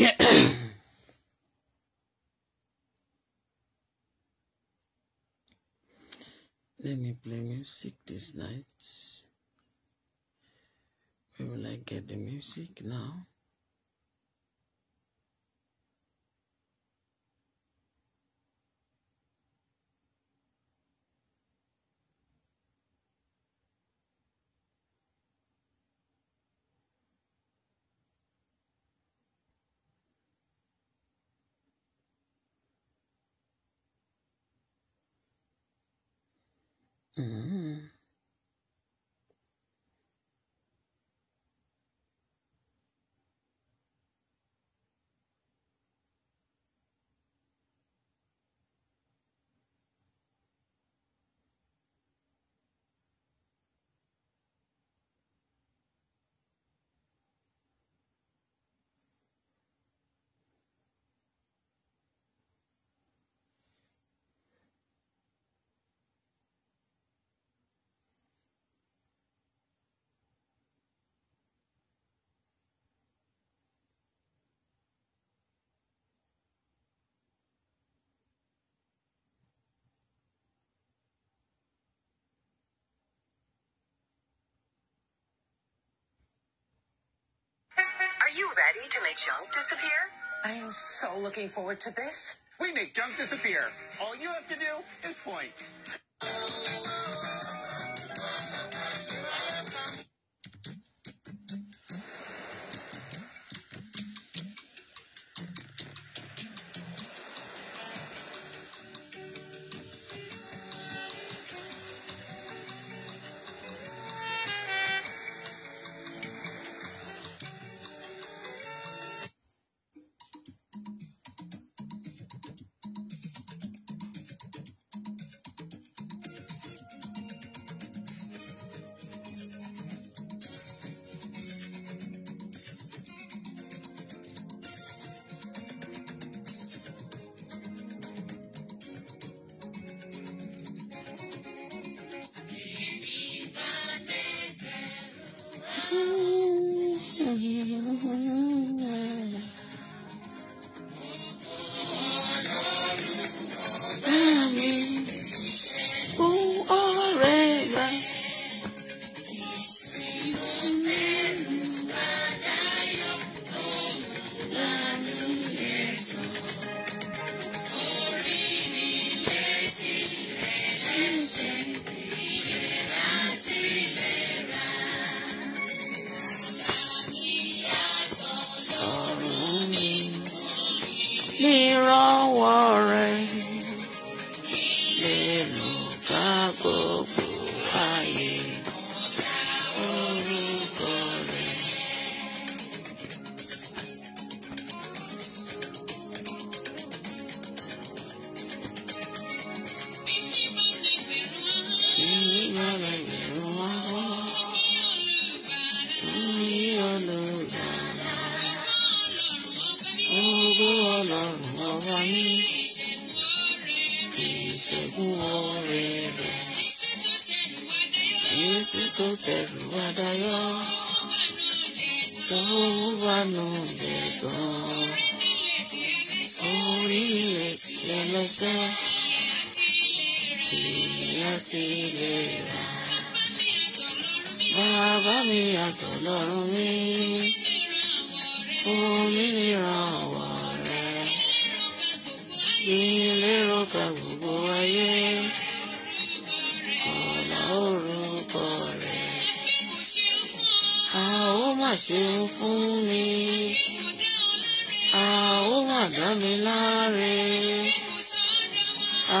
Let me play music this night. Where will I get the music now? Mm-hmm. ready to make junk disappear? I am so looking forward to this. We make junk disappear. All you have to do is point. me wrong, Warren. sẹ́rù adáyọ́ tó wà nù jẹ gan. Orílẹ̀ tí ẹlẹ́sẹ̀ èèyàn ti lè rà. Bàbá mi àtọ̀lọ́run mi, òmìnira ọ̀wọ̀ rẹ̀, ìlérò ká gbogbo ayé. máa ṣeun fún mi a ó dá mi láre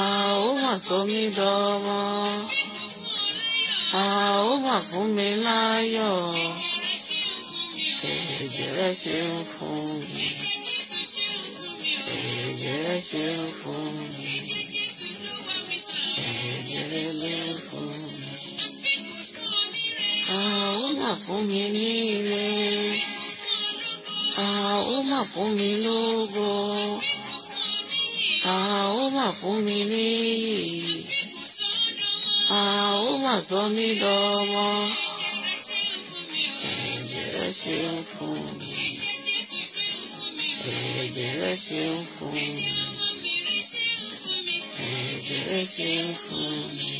a ó sọ mí dọmọ a ó fún mi láyọ̀ ẹ̀jẹ̀ rẹ ṣeun fún mi ẹ̀jẹ̀ rẹ ṣeun fún mi. má fún mi ní ire ó má fún mi lógo ó má fún mi níyì ó má sọ mí dọmọ ṣe ń fún mi ẹ̀jẹ̀ ṣe ń fún mi ẹ̀jẹ̀ ṣe ń fún mi.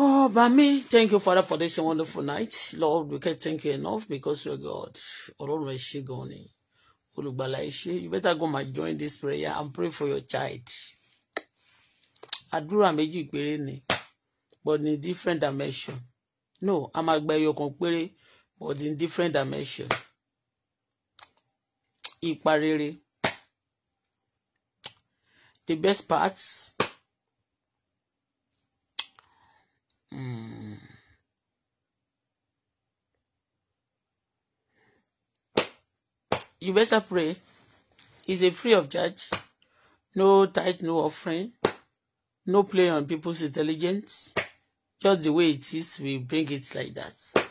Oh, Bami, thank you, Father, for this wonderful night. Lord, we can't thank you enough because you're God. Ọlọ́run ẹ ṣé gan ni. Olùgbàlà You better go and join this prayer and pray for your child. I Àdúrà méjì péré ni, but in different dimension. No, a máa gba ẹyọ kan but in different dimension. Ipa rere. The best parts Mm. You better pray. It's a free of charge. No tithe, no offering. No play on people's intelligence. Just the way it is, we bring it like that.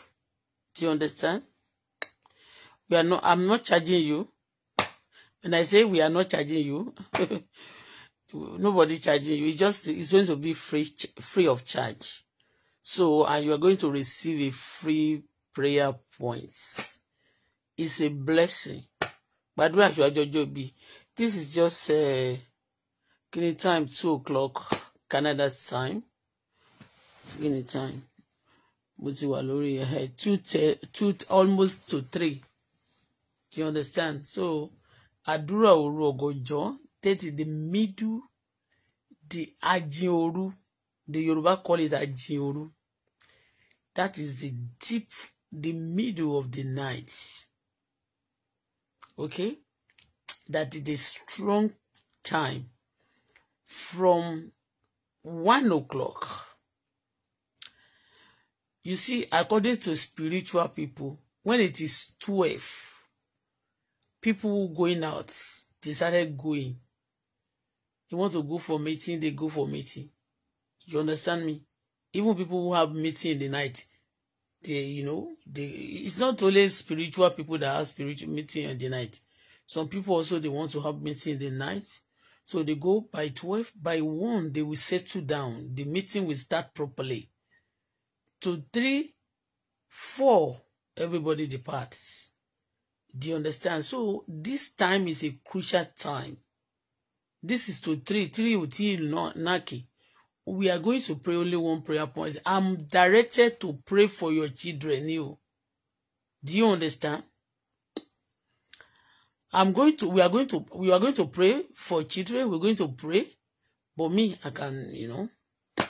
Do you understand? We are not, I'm not charging you. When I say we are not charging you, nobody charging you. It's just, it's going to be free, free of charge. So, and you are going to receive a free prayer points. It's a blessing. but Gbàdúrà ṣe àjọjọ́ be? This is just uh, eh, Guinea time, 2 o'clock Canada time. Guinea time. Mo ti wà lórí ẹ̀ eh, two two almost to three. Do you understand? So, Adura òru ọ̀gànjọ́ that is the middle the Ajioru, the Yoruba call it Ajioru. That is the deep, the middle of the night. Okay? That is a strong time from one o'clock. You see, according to spiritual people, when it is 12, people going out, they started going. They want to go for meeting, they go for meeting. You understand me? even people who have meeting in the night they you know they it's not only spiritual people that have spiritual meeting in the night some people also they want to have meeting in the night so they go by 12 by 1 they will settle down the meeting will start properly to 3 4 everybody departs do you understand so this time is a crucial time this is to 3 3 ò tí ì náà we are going to pray only one prayer point. I'm directed to pray for your children. You, do you understand? I'm going to. We are going to. We are going to pray for children. We're going to pray. But me, I can. You know.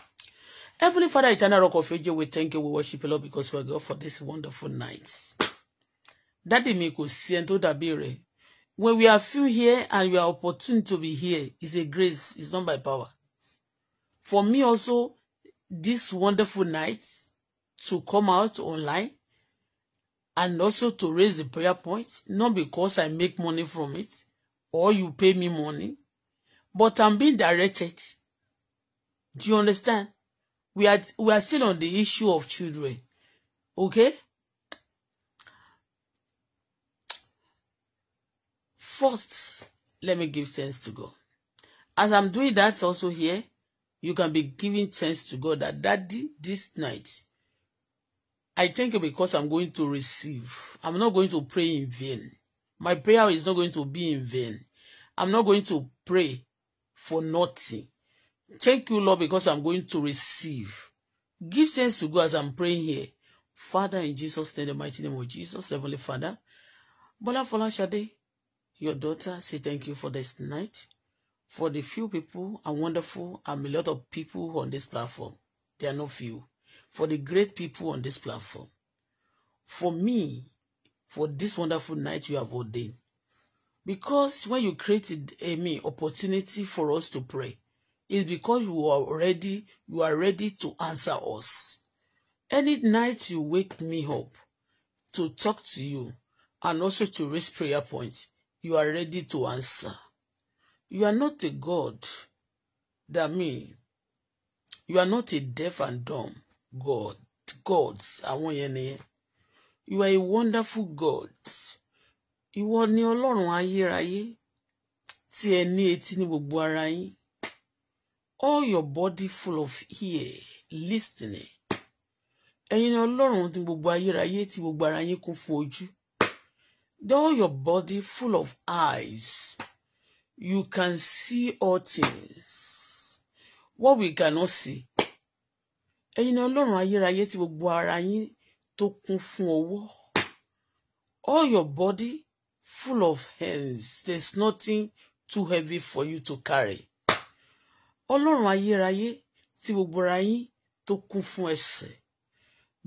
Heavenly Father, eternal rock of ages, we thank you. We worship you, Lord, because we are God for this wonderful night. Daddy me kò sí ẹni tó dàbí When we are few here and we are opportune to be here, is a grace. It's not by power for me also this wonderful night to come out online and also to raise the prayer point, not because I make money from it or you pay me money, but I'm being directed. Do you understand? We are we are still on the issue of children. Okay? First, let me give thanks to God. As I'm doing that also here, You can be giving thanks to God that daddy this night. I thank you because I'm going to receive. I'm not going to pray in vain. My prayer is not going to be in vain. I'm not going to pray for nothing. Thank you, Lord, because I'm going to receive. Give thanks to God as I'm praying here. Father, in Jesus' name, the mighty name of Jesus, Heavenly Father, Bola Folashade, your daughter, say thank you for this night for the few people are wonderful and a lot of people on this platform. There are no few. For the great people on this platform. For me, for this wonderful night you have ordained. Because when you created a eh, me opportunity for us to pray, it's because you are ready, you are ready to answer us. Any night you wake me up to talk to you and also to raise prayer points, you are ready to answer. You are not a God that mean you are not a deaf and dumb God. Gods I àwọn yẹn nìyẹn. You are a wonderful God. You are ni Ọlọ́run ayérayé tí ẹ ní etí ní gbogbo ara yín. All your body full of ear listening. Ẹ̀yin ni Ọlọ́run ní gbogbo ayérayé tí gbogbo ara yín kún fún ojú. All your body full of eyes you can see all things what we cannot see ẹ̀yin ni ọlọ́run ayérayé tí gbogbo ara yín tó kún fún ọwọ́ all your body full of hands there's nothing too heavy for you to carry ọlọ́run ayérayé tí gbogbo ara yín tó kún fún ẹsẹ̀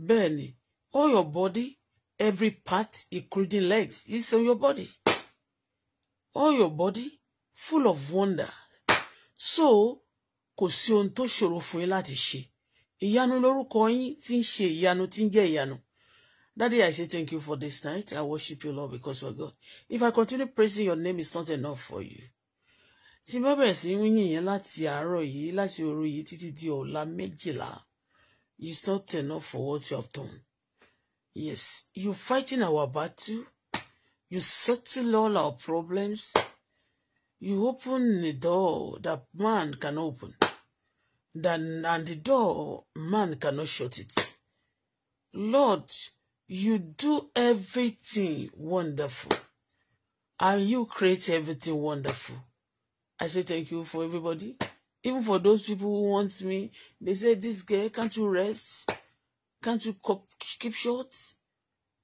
bẹ́ẹ̀ ni all your body every part including legs is on your body all your body full of wonder so kò sí ohun tó ṣòro fún yín láti ṣe ìyanu lórúkọ yín tí ń ṣe ìyanu tí ń jẹ́ ìyanu daddy i say thank you for this night i worship you lord because you are god if i continue praising your name is not enough for you tí bá bẹ̀rẹ̀ sí ń yìn yẹn láti àárọ̀ yìí láti òru yìí títí di ọ̀la méjìlá it's not enough for what you have done yes you fighting our battle you settle all our problems you open the door that man can open, then and the door man cannot shut it. Lord, you do everything wonderful, and you create everything wonderful. I say thank you for everybody. Even for those people who want me, they say, this girl, can't you rest? Can't you keep short?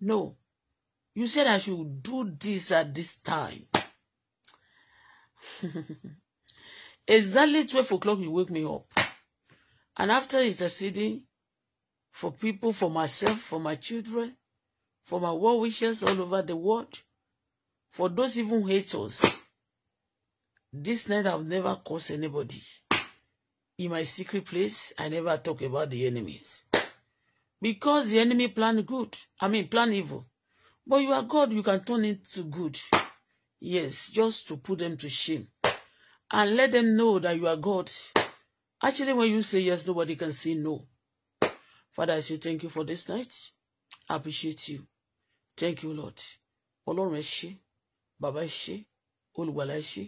No. You said I should do this at this time. exactly 12 o'clock, you wake me up. And after interceding for people, for myself, for my children, for my well wishes all over the world, for those even haters, this night I've never caused anybody. In my secret place, I never talk about the enemies. Because the enemy plan good, I mean plan evil. But you are God, you can turn it to good. Yes, just to put them to shame. And let them know that you are God. Actually, when you say yes, nobody can say no. Father, I say thank you for this night. I appreciate you. Thank you, Lord. Ọlọ́run ẹ ṣé, Bàbá ẹ ṣé, Olùgbàlà ẹ ṣé,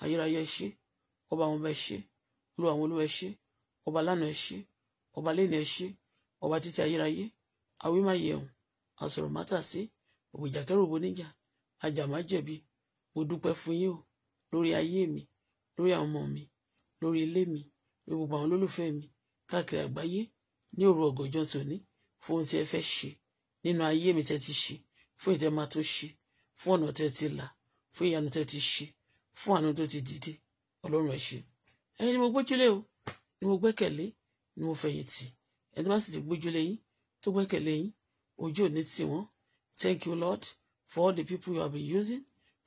Ayérayé ẹ ṣé, Ọba àwọn ọba ẹ ṣé, Olúwa àwọn olúwa ẹ ṣé, Ọba lánàá ẹ ṣé, Ọba lẹ́nìí ẹ ṣé, Ọba mo dúpẹ́ fún yín o lórí ayé mi lórí àwọn ọmọ mi lórí ilé mi lórí gbogbo àwọn olólùfẹ́ mi káàkiri àgbáyé ní òru ọ̀gànjọ́ tòní fún ohun tí ẹ fẹ́ ṣe nínú ayé mi tẹ́ ti ṣe fún ìtẹ́ máa tó ṣe fún ọ̀nà tẹ́ ti là fún ìyanu tẹ́ ti ṣe fún àánú tó ti dìde ọlọ́run ẹ ṣé ẹ̀yin ni mo gbójúlé o ni mo gbẹ́kẹ̀lé ni mo fẹ̀yìntì ẹni tó bá sì ti gbójúlé yín tó gbẹ́kẹ̀lé yín ojú ò ní thank you lord for all the people you have been using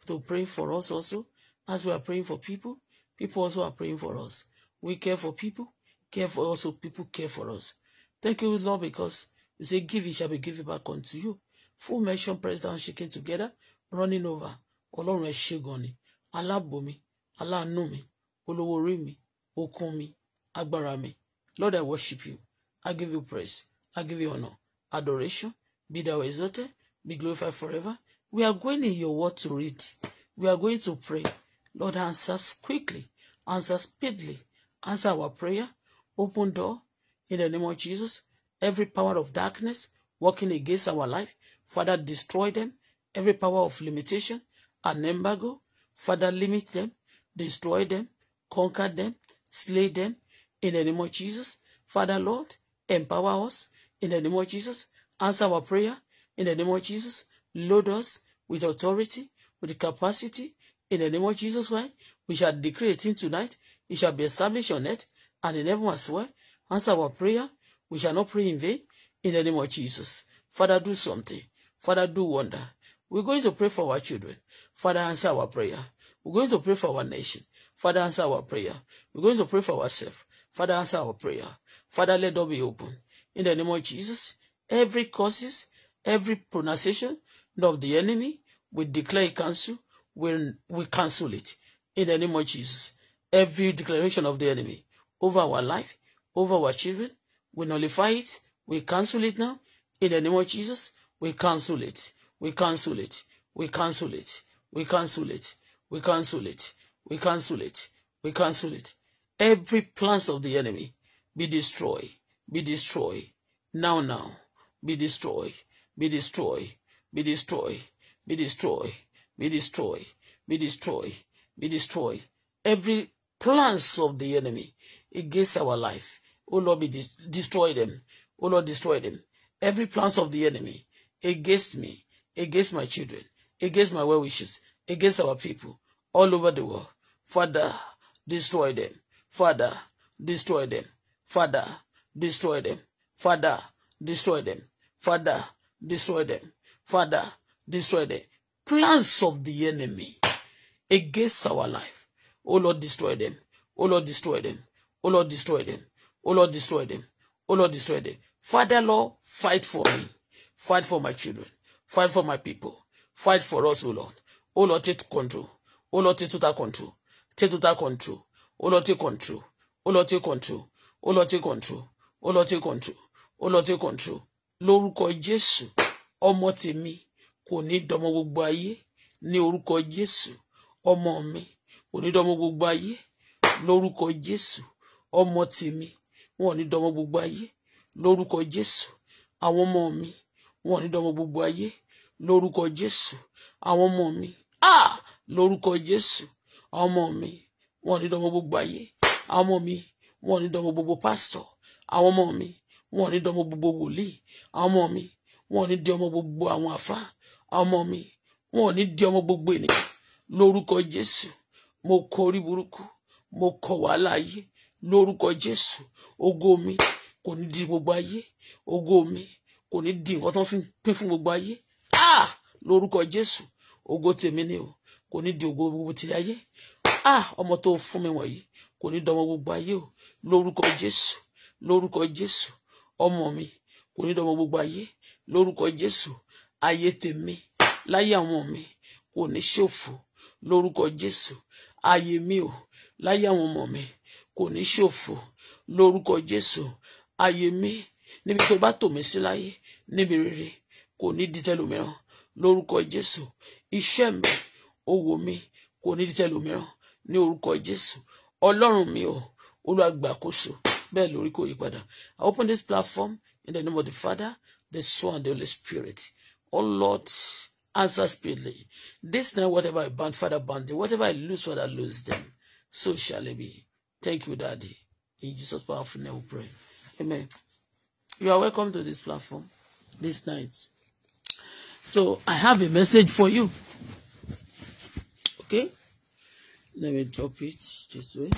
to pray for us also, as we are praying for people. People also are praying for us. We care for people, care for also people care for us. Thank you, Lord, because you say, Give, it shall be given back unto you. Full mention, pressed down, shaking together, running over. Ọlọ́run ẹ ṣé gan ni, aláàbò mi, aláàánú mi, olówó orí mi, okun mi, agbára mi. Lord, I worship you. I give you praise. I give you honor. Adoration. Be thou exalted. Be glorified forever. We are going in your word to read. We are going to pray. Lord, answer us quickly. Answer speedily. Answer our prayer. Open door. In the name of Jesus, every power of darkness working against our life, Father, destroy them. Every power of limitation and embargo, Father, limit them, destroy them, conquer them, slay them. In the name of Jesus, Father, Lord, empower us. In the name of Jesus, answer our prayer. In the name of Jesus, Load us with authority, with capacity. In the name of Jesus Christ, we shall decree a thing tonight. It shall be established on earth and in heaven as well. Answer our prayer. We shall not pray in vain. In the name of Jesus. Father, do something. Father, do wonder. We're going to pray for our children. Father, answer our prayer. We're going to pray for our nation. Father, answer our prayer. We're going to pray for ourselves. Father, answer our prayer. Father, let door be open. In the name of Jesus, every causes, every pronunciation of the enemy. We declare cancel. We, we cancel it in the name of Jesus. Every declaration of the enemy over our life, over our children, we nullify it. We cancel it now. In the name of Jesus, we cancel it. We cancel it. We cancel it. We cancel it. We cancel it. We cancel it. We cancel it. Every plans of the enemy be destroyed. Be destroyed. Now, now. Be destroyed. Be destroyed be destroyed, be destroyed, be destroyed, be destroyed, be destroyed. Every plans of the enemy against our life, oh Lord, be des- destroy them. Oh Lord, destroy them. Every plans of the enemy against me, against my children, against my well wishes, against our people all over the world. Father, destroy them. Father, destroy them. Father, destroy them. Father, destroy them. Father, destroy them. Father, destroy the plans of the enemy against our life. Oh Lord, destroy them. Oh Lord, destroy them. Oh Lord, destroy them. Oh Lord, destroy them. Oh Lord, destroy them. Father, Lord, fight for me. Fight for my children. Fight for my people. Fight for us, O Lord. Oh Lord, take control. Oh Lord, take total control. Take total control. Oh Lord, take control. Oh Lord, take control. Oh Lord, take control. Oh Lord, take control. Oh Lord, take control. Lord, Lórúkọ Jésù ọmọ tèmi kò ní dọmọ gbogbo ayé ní orúkọ Jésù ọmọ mi kò ní dọmọ gbogbo ayé lórúkọ Jésù ọmọ tèmi wọn ò ní dọmọ gbogbo ayé lórúkọ Jésù àwọn ọmọ mi wọn ò ní dọmọ gbogbo ayé lórúkọ Jésù àwọn ọmọ mi ah lórúkọ Jésù àwọn ọmọ mi wọn ò ní dọmọ gbogbo ayé àwọn ọmọ mi wọn ò ní dọmọ gbogbo pásítọ̀ àwọn ọmọ mi wọn ò ní dọmọ gbogbo wòlíì àwọn ọmọ mi wọn ò ní di ọmọ gbogbo àwọn àfa ọmọ mi wọn ò ní di ọmọ gbogbo ènìyàn lórúkọ jésù mo kọ orí burúkú mo kọ wàhálà ayé lórúkọ jésù ògo mi kò ní di gbogbo ayé ògo mi kò ní di nǹkan tó ń pín fún gbogbo ayé ah lórúkọ jésù ògo tèmi ni o kò ní di ògo gbogbo ti ayé ah ọmọ tó fún mi wọ̀nyí kò ní dọmọ gbogbo ayé o lórúkọ jésù lórúkọ jésù ọmọ mi kò ní dọmọ gbogbo ayé lórúkọ jésù ayé tèmi láyé àwọn mi kò ní ṣòfò lórúkọ jésù ayé mi ò láyé àwọn ọmọ mi kò ní ṣòfò lórúkọ jésù ayé mi níbi tó bá tò mí sí láyé níbi rere kò ní di tẹlòmíràn lórúkọ jésù iṣẹ́ mi owó mi kò ní di tẹlòmíràn ní orúkọ jésù ọlọ́run mi ò olùwàgbàkóso bẹ́ẹ̀ lórí kò yípadà I open this platform in the name of the Father the Son, and the Holy Spirit. Oh Lord, answer speedily. This night, whatever I bind, Father, bind them. Whatever I lose, Father, lose them. So shall it be. Thank you, Daddy. In Jesus' powerful name we pray. Amen. You are welcome to this platform this night. So I have a message for you. Okay? Let me drop it this way.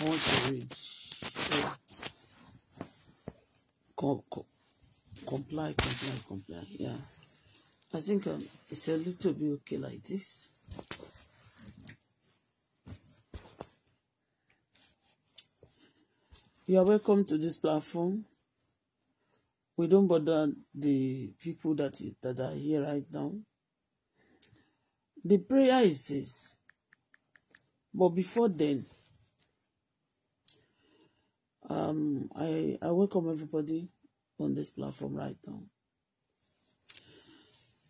I want to read co- comply, comply, comply. Yeah. I think um, it's a little bit okay like this. You are welcome to this platform. We don't bother the people that, that are here right now. The prayer is this. But before then, Um, I, I welcome everybody on this platform right now.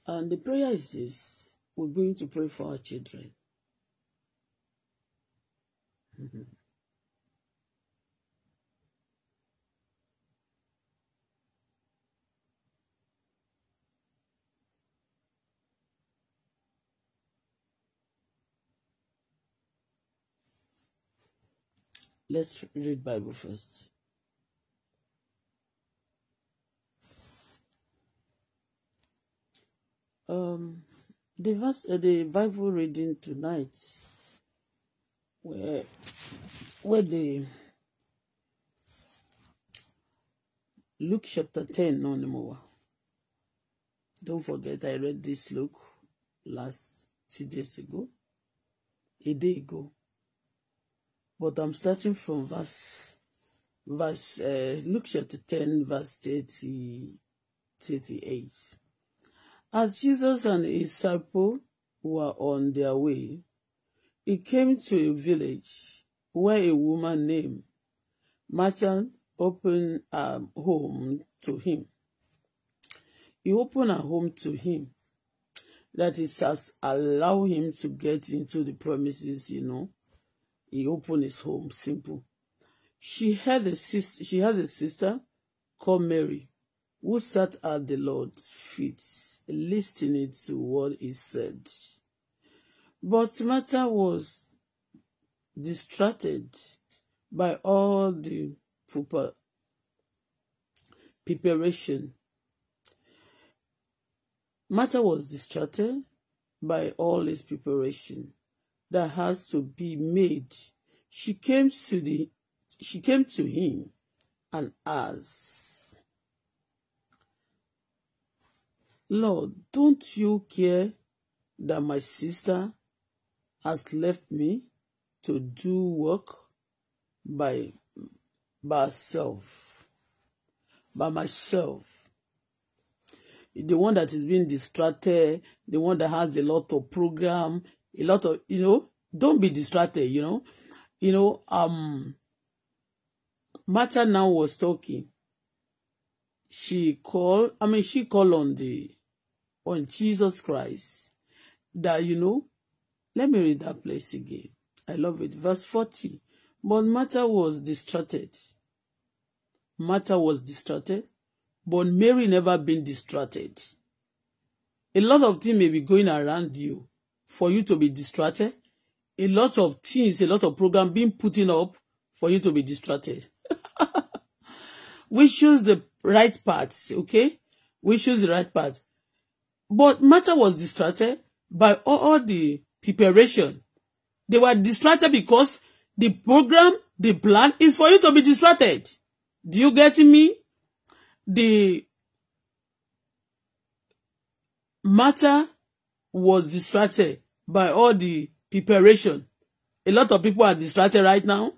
And the prayer is this we're going to pray for our children. Let's read Bible first. Um, the verse, uh, the Bible reading tonight, where where the Luke chapter ten no anymore. Don't forget, I read this Luke last two days ago, a day ago. But I'm starting from verse, verse uh, Luke chapter 10, verse 30, 38. As Jesus and his disciples were on their way, he came to a village where a woman named Martha opened her home to him. He opened her home to him. That is, has allowed him to get into the premises, you know, He opened his home. Simple. She had a sister. She has a sister called Mary, who sat at the Lord's feet, listening to what he said. But Martha was distracted by all the proper preparation. Martha was distracted by all his preparation that has to be made. She came to the she came to him and asked, Lord, don't you care that my sister has left me to do work by by herself, by myself? the one that is being distracted, the one that has a lot of program, a lot of you know don't be distracted you know you know um Martha now was talking she called i mean she called on the on jesus christ that you know let me read that place again i love it verse 40 but Martha was distracted Martha was distracted but Mary never been distracted a lot of things may be going around you for you to be distracted. A lot of things, a lot of program being putting up for you to be distracted. we choose the right path, okay? We choose the right path. But matter was distracted by all, all the preparation. They were distracted because the program, the plan is for you to be distracted. Do you get me? The matter was distracted by all the preparation. A lot of people are distracted right now.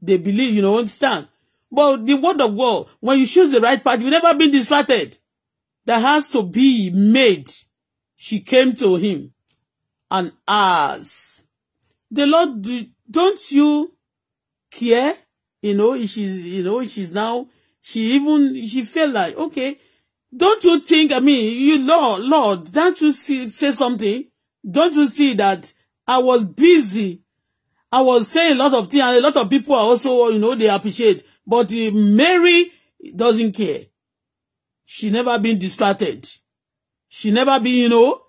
They believe, you know, understand. But the word of God, when you choose the right path, you never be distracted. That has to be made. She came to him and asked, the Lord, do, don't you care? You know, she's, you know, she's now, she even, she felt like, okay, Don't you think, I mean, you Lord, Lord, don't you see, say something? Don't you see that I was busy? I was saying a lot of things, and a lot of people are also, you know, they appreciate. But Mary doesn't care. She never been distracted. She never been, you know.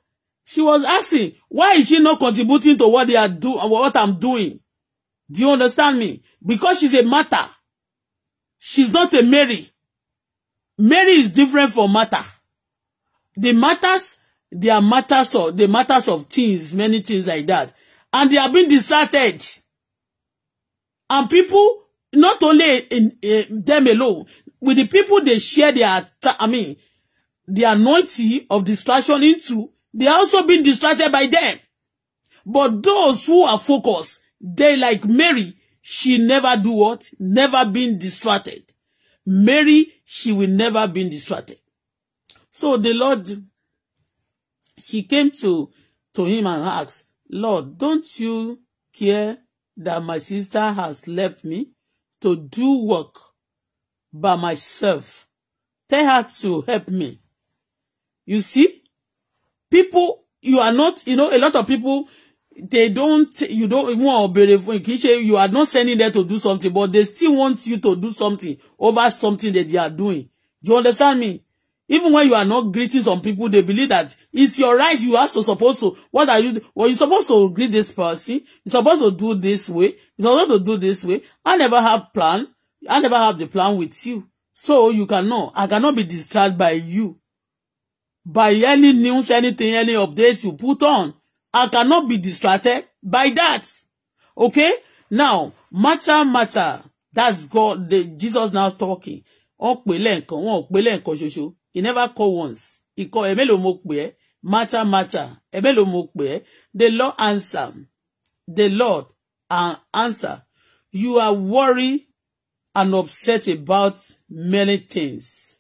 She was asking, why is she not contributing to what they are doing? what I'm doing? Do you understand me? Because she's a matter. She's not a Mary. Mary is different from Martha. The matters, they are matters of the matters of things, many things like that. And they are being distracted. And people, not only in, in them alone, with the people they share their, I mean, the anointing of distraction into, they also been distracted by them. But those who are focused, they like Mary, she never do what? Never been distracted. Mary she will never be distracted. So the Lord, he came to, to him and asked, Lord, don't you care that my sister has left me to do work by myself? Tell her to help me. You see, people, you are not, you know, a lot of people, they don't you don't even ò béèrè fún kì you are not sending them to do something but they still want you to do something over something that they are doing you understand me even when you are not greeting some people they believe that it's your right you are so supposed to what are you well you supposed to greet this person you supposed to do this way you supposed to do this way I never have plan I never have the plan with you so you cannot I cannot be distracted by you by any news anything any updates you put on I cannot be distracted by that. Okay? Now, matter, matter. That's God, the, Jesus now is talking. Ó pè lẹ́ẹ̀kan, wọn ò He never call once. He call, ẹ̀mẹ́ ló Matter, matter. Ẹ̀mẹ́ ló The Lord answer. The Lord uh, answer. You are worried and upset about many things.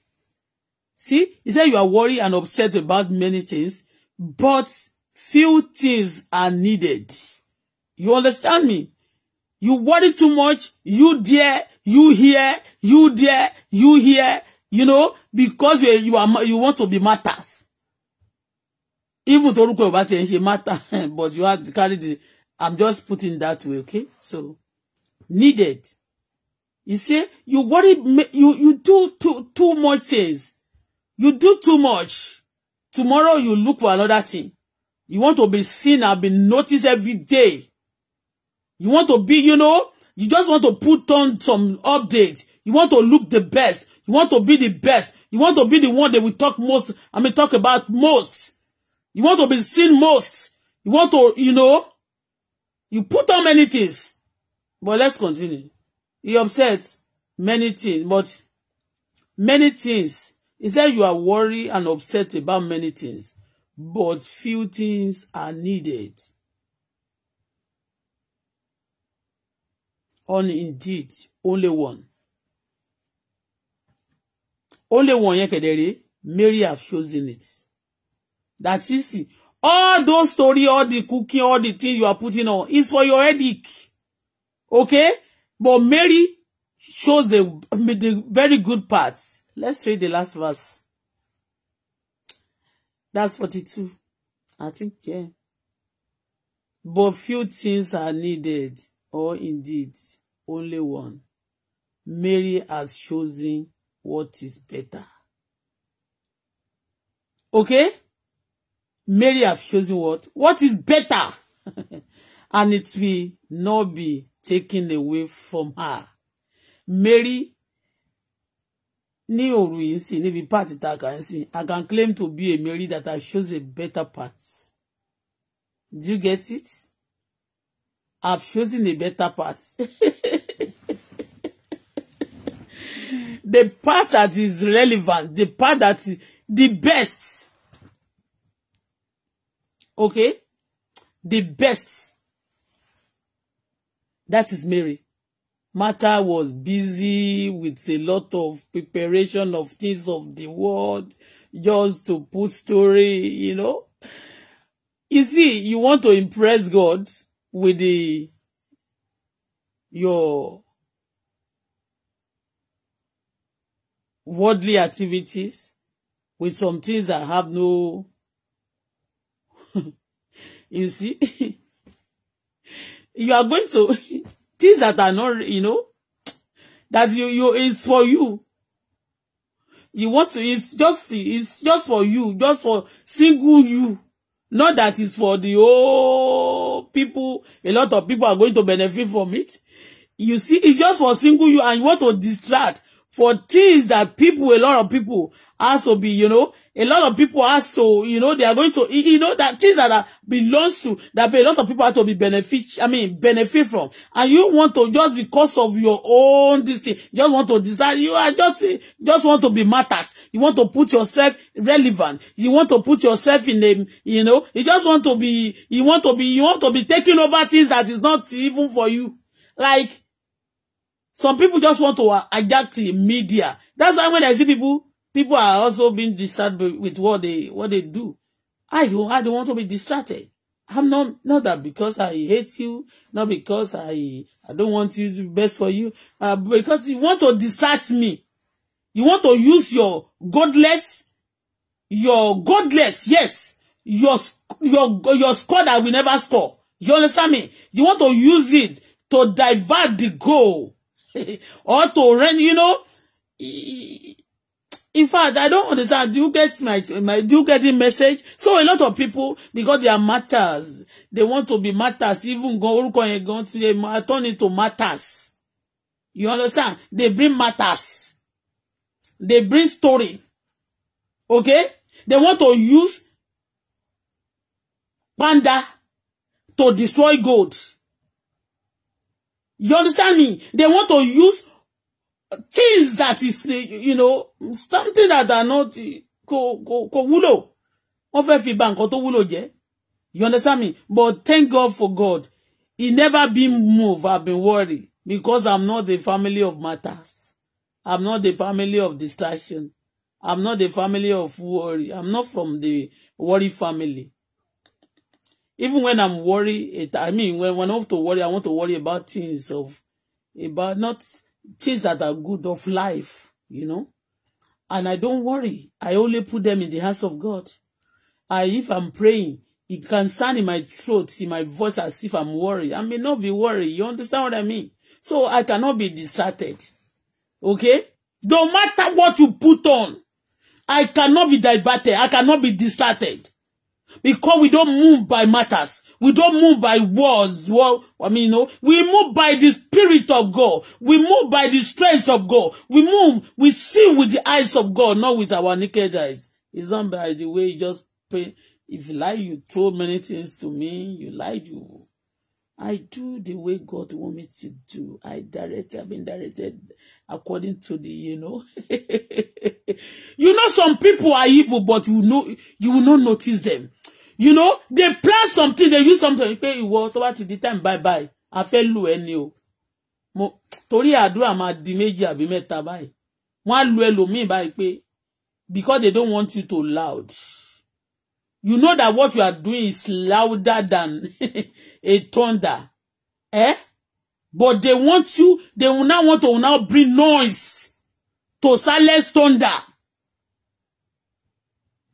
See, he said you are worried and upset about many things, but few things are needed. You understand me? You worry too much, you there, you here, you there, you here, you know, because you, you are you want to be matters. Even Toruko Obati and she matter, but you have to carry I'm just putting that way, okay? So needed. You see, you worry you you do too too much things. You do too much. Tomorrow you look for another thing. You want to be seen and be noticed every day. You want to be, you know, you just want to put on some updates. You want to look the best. You want to be the best. You want to be the one that we talk most, I mean, talk about most. You want to be seen most. You want to, you know, you put on many things. But let's continue. He upset many things, but many things. He said you are worried and upset about many things but few things are needed. Only indeed, only one. Only one yẹn Mary have chosen it. That is it. All those story, all the cooking, all the things you are putting on, is for your headache. Okay? But Mary shows the, the very good parts. Let's read the last verse. That's 42. I think, yeah. But few things are needed, or indeed, only one. Mary has chosen what is better. Okay? Mary has chosen what? What is better? and it will not be taken away from her. Mary ní òru yìí sì níbi part ta kà ń sìn I can claim to be a Mary that I chose a better path do you get it I've chosen a better path the part that is relevant the part that is the best okay the best that is Mary Martha was busy with a lot of preparation of things of the world just to put story, you know. You see, you want to impress God with the your worldly activities with some things that have no you see you are going to things that are not, you know, that you, you is for you. You want to, it's just, it's just for you, just for single you. Not that it's for the whole people. A lot of people are going to benefit from it. You see, it's just for single you and you want to distract for things that people, a lot of people, has to be, you know, a lot of people has to, you know, they are going to, you know, that things that are, belongs to, that a lot of people have to be benefit, I mean, benefit from. And you want to, just because of your own, this thing, just want to decide, you are just, just want to be matters. You want to put yourself relevant. You want to put yourself in a, you know, you just want to be, you want to be, you want to be taking over things that is not even for you. Like, some people just want to uh, adjust media. That's why when I see people, people are also being distracted with what they what they do. I don't I don't want to be distracted. I'm not not that because I hate you, not because I I don't want you to be best for you, uh, because you want to distract me. You want to use your godless, your godless, yes, your your your score that will never score. You understand me? You want to use it to divert the goal or to run, you know in fact i don't understand do you get my my do you get the message so a lot of people because they are matters, they want to be matters. even go orúkọ yẹn gan to dey turn into matters. you understand they bring matters. they bring story okay they want to use panda to destroy gold you understand me they want to use things that is you know something that are not ko ko ko wúlò wọ́n fẹ́ fi bà nǹkan tó wúlò jẹ́ you understand me but thank God for God he never been move i been worry because i'm not the family of matters i'm not the family of distraction i'm not the family of worry i'm not from the worry family even when i'm worry it i mean when when i want to worry i want to worry about things of about not things that are good of life, you know. And I don't worry. I only put them in the hands of God. I, if I'm praying, it can sound in my throat, in my voice, as if I'm worried. I may not be worried. You understand what I mean? So I cannot be distracted. Okay? No matter what you put on, I cannot be diverted. I cannot be distracted because we don't move by matters. We don't move by words. Well, I mean, you know, we move by the Spirit of God. We move by the strength of God. We move, we see with the eyes of God, not with our naked eyes. It's not by the way you just pray. If you lie, you told many things to me. You lied, you. I do the way God want me to do. I direct, I've been directed according to the, you know. you know, some people are evil, but you know, you will not notice them you know they plan something they use something pé ìwọ tó bá ti di time bye bye a fẹ́ lù ẹ́ ni o mo torí àdúrà máa di méjì àbí mẹ́ta báyìí wọ́n á lu ẹlòmíì báyìí pé because they don't want you to loud you know that what you are doing is louder than a thunder eh but they want you they will now want to now bring noise to silence thunder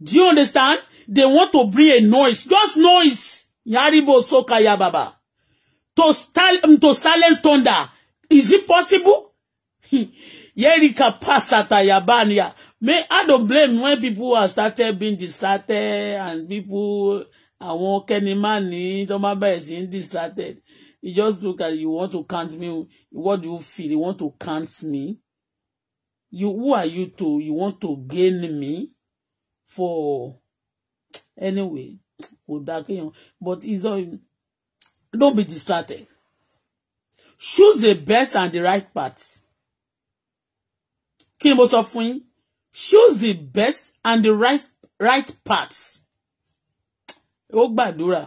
do you understand They want to bring a noise, just noise. Yaribo Sokaya Baba. To, style, um, to silence thunder. Is it possible? Yerika Pasata Yabania. May I don't blame when people are started being distracted and people àwọn kẹnimánì money. Tomaba is in distracted. You just look at you want to count me. What do you feel? You want to count me? You who are you to you want to gain me for anyway kò dáa kéèyàn but it's not don't be distracted choose the best and the right path kí ni mo sọ fún yín choose the best and the right right path ó gbàdúrà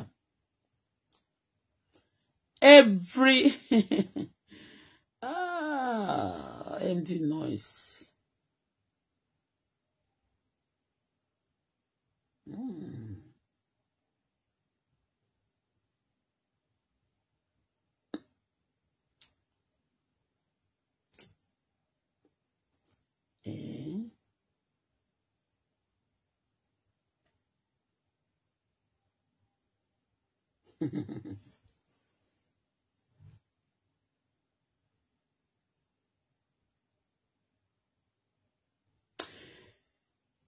every ah empty noise. Eh?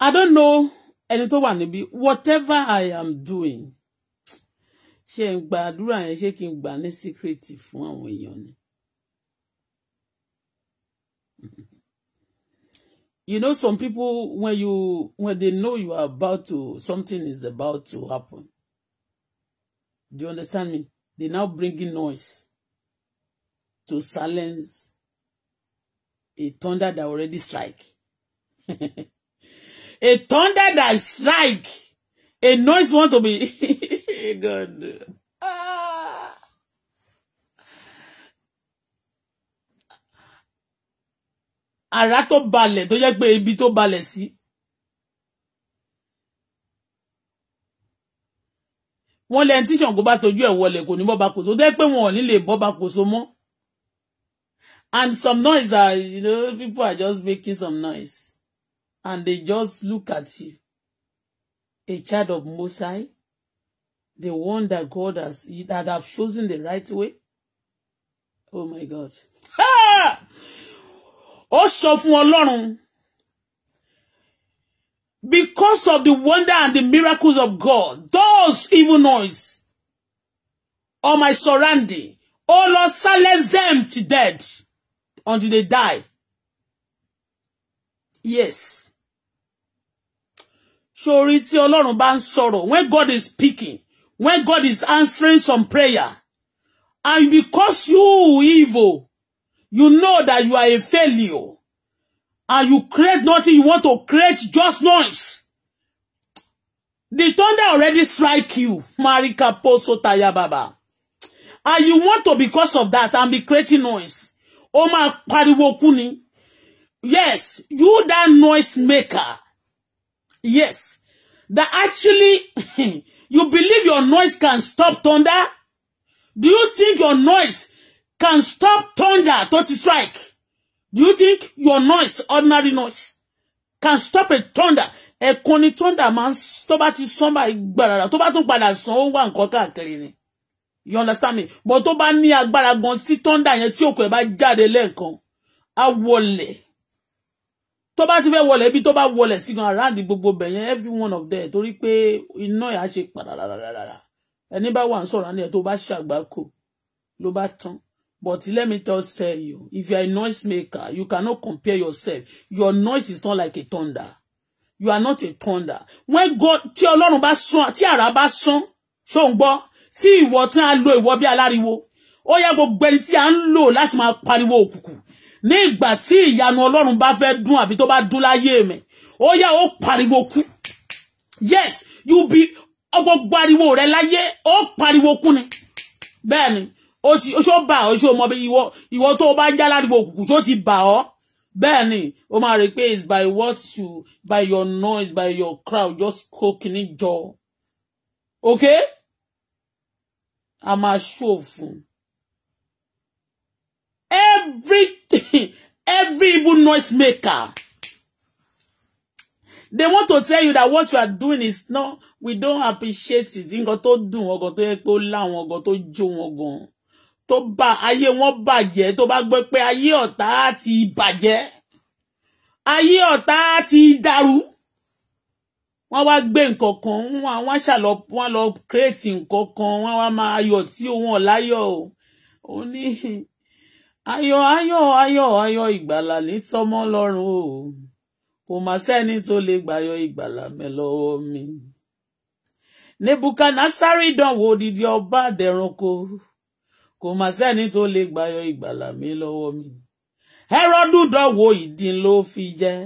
I don't know ẹni tó wà níbí whatever I am doing ṣé n gba àdúrà yẹn ṣé kí n gbà ní secret fún àwọn èèyàn ni. you know some people when you when they know you are about to something is about to happen do you understand me they now bring in noise to silence a thunder that already strike A thunder that strike. A noise want to be. God. Ah. Ara tó balẹ̀ tó jẹ́ pé ibi tó balẹ̀ sí. Wọ́n lẹ́ni tí Ṣàngó bá tọ́jú ẹ̀ wọlé kò ní bọ́ bá kòso. Tó jẹ́ pé wọn ò ní lè bọ́ bá kòso mọ́. And some noise are, you know, people are just making some noise and they just look at you. A child of Mosai, the one that God has that have chosen the right way. Oh my God. Ha! sọ fún Ọlọ́run. Because of the wonder and the miracles of God, those evil noise on my surrounding, oh Lord, silence them to death until they die. Yes sórí tí ọlọ́run bá ń sọ̀rọ̀ when God is speaking when God is answering some prayer and because you evil you know that you are a failure and you create nothing you want to create just noise the thunder already strike you marika poso taya baba and you want to because of that and be creating noise ó máa pariwo kú yes you that noise maker Yes. That actually, you believe your noise can stop thunder? Do you think your noise can stop thunder to strike? Do you think your noise, ordinary noise, can stop a thunder? a ni thunder Man, ń tó bá ti sán báyìí gbàràrà tó bá tún padà sán ó wà nǹkan You understand me? But tó bá ní agbára gan tí thunder yẹn tí òkú ẹ̀ bá jáde lẹ́ẹ̀kan, á wọlé tó bá ti fẹ́ wọlé ibi tó bá wọlé sí gan around gbogbo bẹ̀ every one of them torí pé iná yà á ṣe pàdàdàdàdà ẹni bá wà ń sọ̀rọ̀ ní ẹ̀ tó bá ṣàgbákò ló bá tán but let me tell you if you are a noise maker you cannot compare yourself your noise is not like a thunder you are not a thunder when God tí ọlọ́run bá sán tí àrá bá sán ṣó ń gbọ́ tí ìwọ tí a lo ìwọ bí aláriwo ó yá gbogbo ẹni tí a ń lò láti máa pariwo òkùnkùn ní ìgbà tí ìyanu ọlọ́run bá fẹ́ dún àbí tó bá dún láyé mi ó yá ó pariwo kú yes you be gbogbo ariwo rẹ láyé ó pariwo kú ni bẹ́ẹ̀ ni ó ti ṣó bà ọ́ ṣó mọ bí ìwọ ìwọ tó o bá ń já láriwo òkùnkùn tó ti bà ọ́ bẹ́ẹ̀ ni ó máa rí pé it's by what you by your noise by your crowd just kó kìíní jọ ok a máa ṣòfò every every evil noisemaker, they want to tell you that what you are doing is not we don't appreciate it nǹkan tó dùn ọgàn tó yẹ pé ó láwọn ọgàn tó jó wọn gan to ba ayé wọn bàjẹ́ tó ba gbọ́ pé ayé ọ̀tá ti bàjẹ́ ayé ọ̀tá ti dàrú wọ́n wá gbé nǹkan kan wọ́n wá ṣàlọ wọ́n lọ kírètì nǹkan kan wọ́n wá máa yọ̀ tí òun ọ̀láyọ̀ ò ní ayọ̀ ayọ̀ ayọ̀ ayọ̀ ìgbàlà ní tọmọ lọ́rùn o kò mà sẹ́ni tó lè gbàyọ ìgbàlà mi lọ́wọ́ mi. nebukadnasari dánwò odidi ọba àdẹranko kò mà sẹ́ni tó lè gbàyọ ìgbàlà mi lọ́wọ́ mi. Hẹ́rọ́dù dánwò ìdín ló fi jẹ́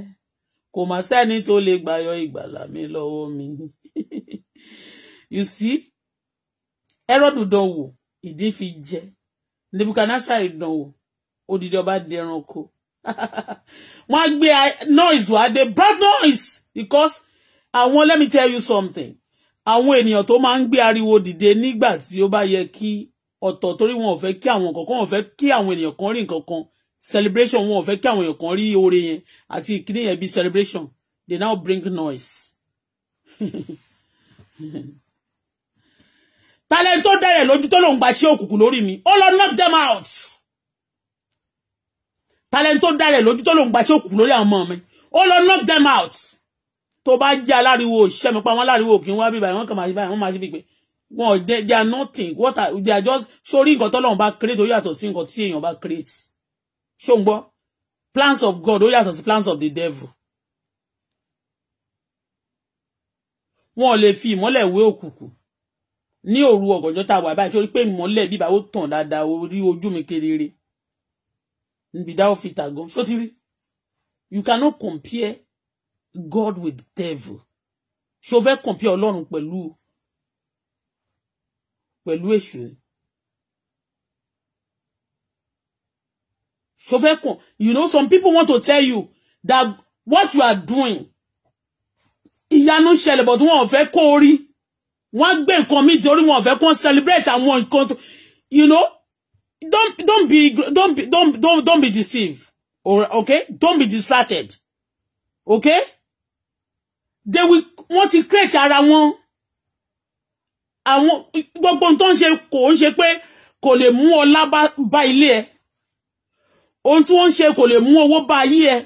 kò mà sẹ́ni tó lè gbàyọ ìgbàlà mi lọ́wọ́ mi. you see Hẹ́rọ́dù dánwò ìdín fi jẹ́ nebukadnasari dánwò odidi ọba di ẹranko wọ́n á gbé noise wá they bad noise because àwọn let me tell you something àwọn ènìyàn tó máa ń gbé ariwo dìde nígbà tí ó bá yẹ kí ọ̀tọ̀ torí wọn ò fẹ́ kí àwọn kankan wọn ò fẹ́ kí àwọn ènìyàn kan rí nǹkan kan celebration wọn ò fẹ́ kí àwọn èèyàn kan rí oore yẹn àti ìkíní yẹn bíi celebration they now bring noise. talent tó dẹ̀rẹ̀ lójú tó lòun gbà ṣe òkùnkùn lórí mi ó lọ knock them out talent tó dára lójú tó lòun gbaṣẹ́ òkùnkùn lórí àwọn ọmọ mi ó lọ knock them out tó bá jẹ́ aláriwo òṣìṣẹ́ mi pa àwọn aláriwo òkè wá bíbá wọn kàn máa bíbá wọn máa ṣe bíi pé wọn they are nothing what are they are just sórí nǹkan tọ́lọ́run bá create ó yàtọ̀ sí nǹkan tí èèyàn bá create ṣó ń plans of God ó yàtọ̀ sí plans of the devil wọn ò fi ìmọ́lẹ̀ wé òkùnkùn ní òru ọ̀gànjọ́ tá a wà báyìí sórí pé ìmọ́lẹ̀ bíbá ó tàn dáadáa orí ojú mi kedere níbi dáwọ́ fi tàgọ́ you cannot compare God with devil ṣó fẹ́ compare ọlọ́run kwe lu, kwe lu ṣó fẹ́ kàn you know some people want to tell you that what you are doing ìyanu ṣẹlẹ̀ but wọn ò fẹ́ kó o rí wọ́n gbé nǹkan mi torí wọn ò fẹ́ kó celebrate àwọn nǹkan you know don't don't be don't be don't don't don't be deceived or okay don't be distracted okay they will wọ́n ti create ara wọn àwọn gbogbo tó ń ṣe kò ń ṣe pé kò lè mú ọlá bá ilé ẹ ohun tí wọ́n ń ṣe kò lè mú owó bá ayé ẹ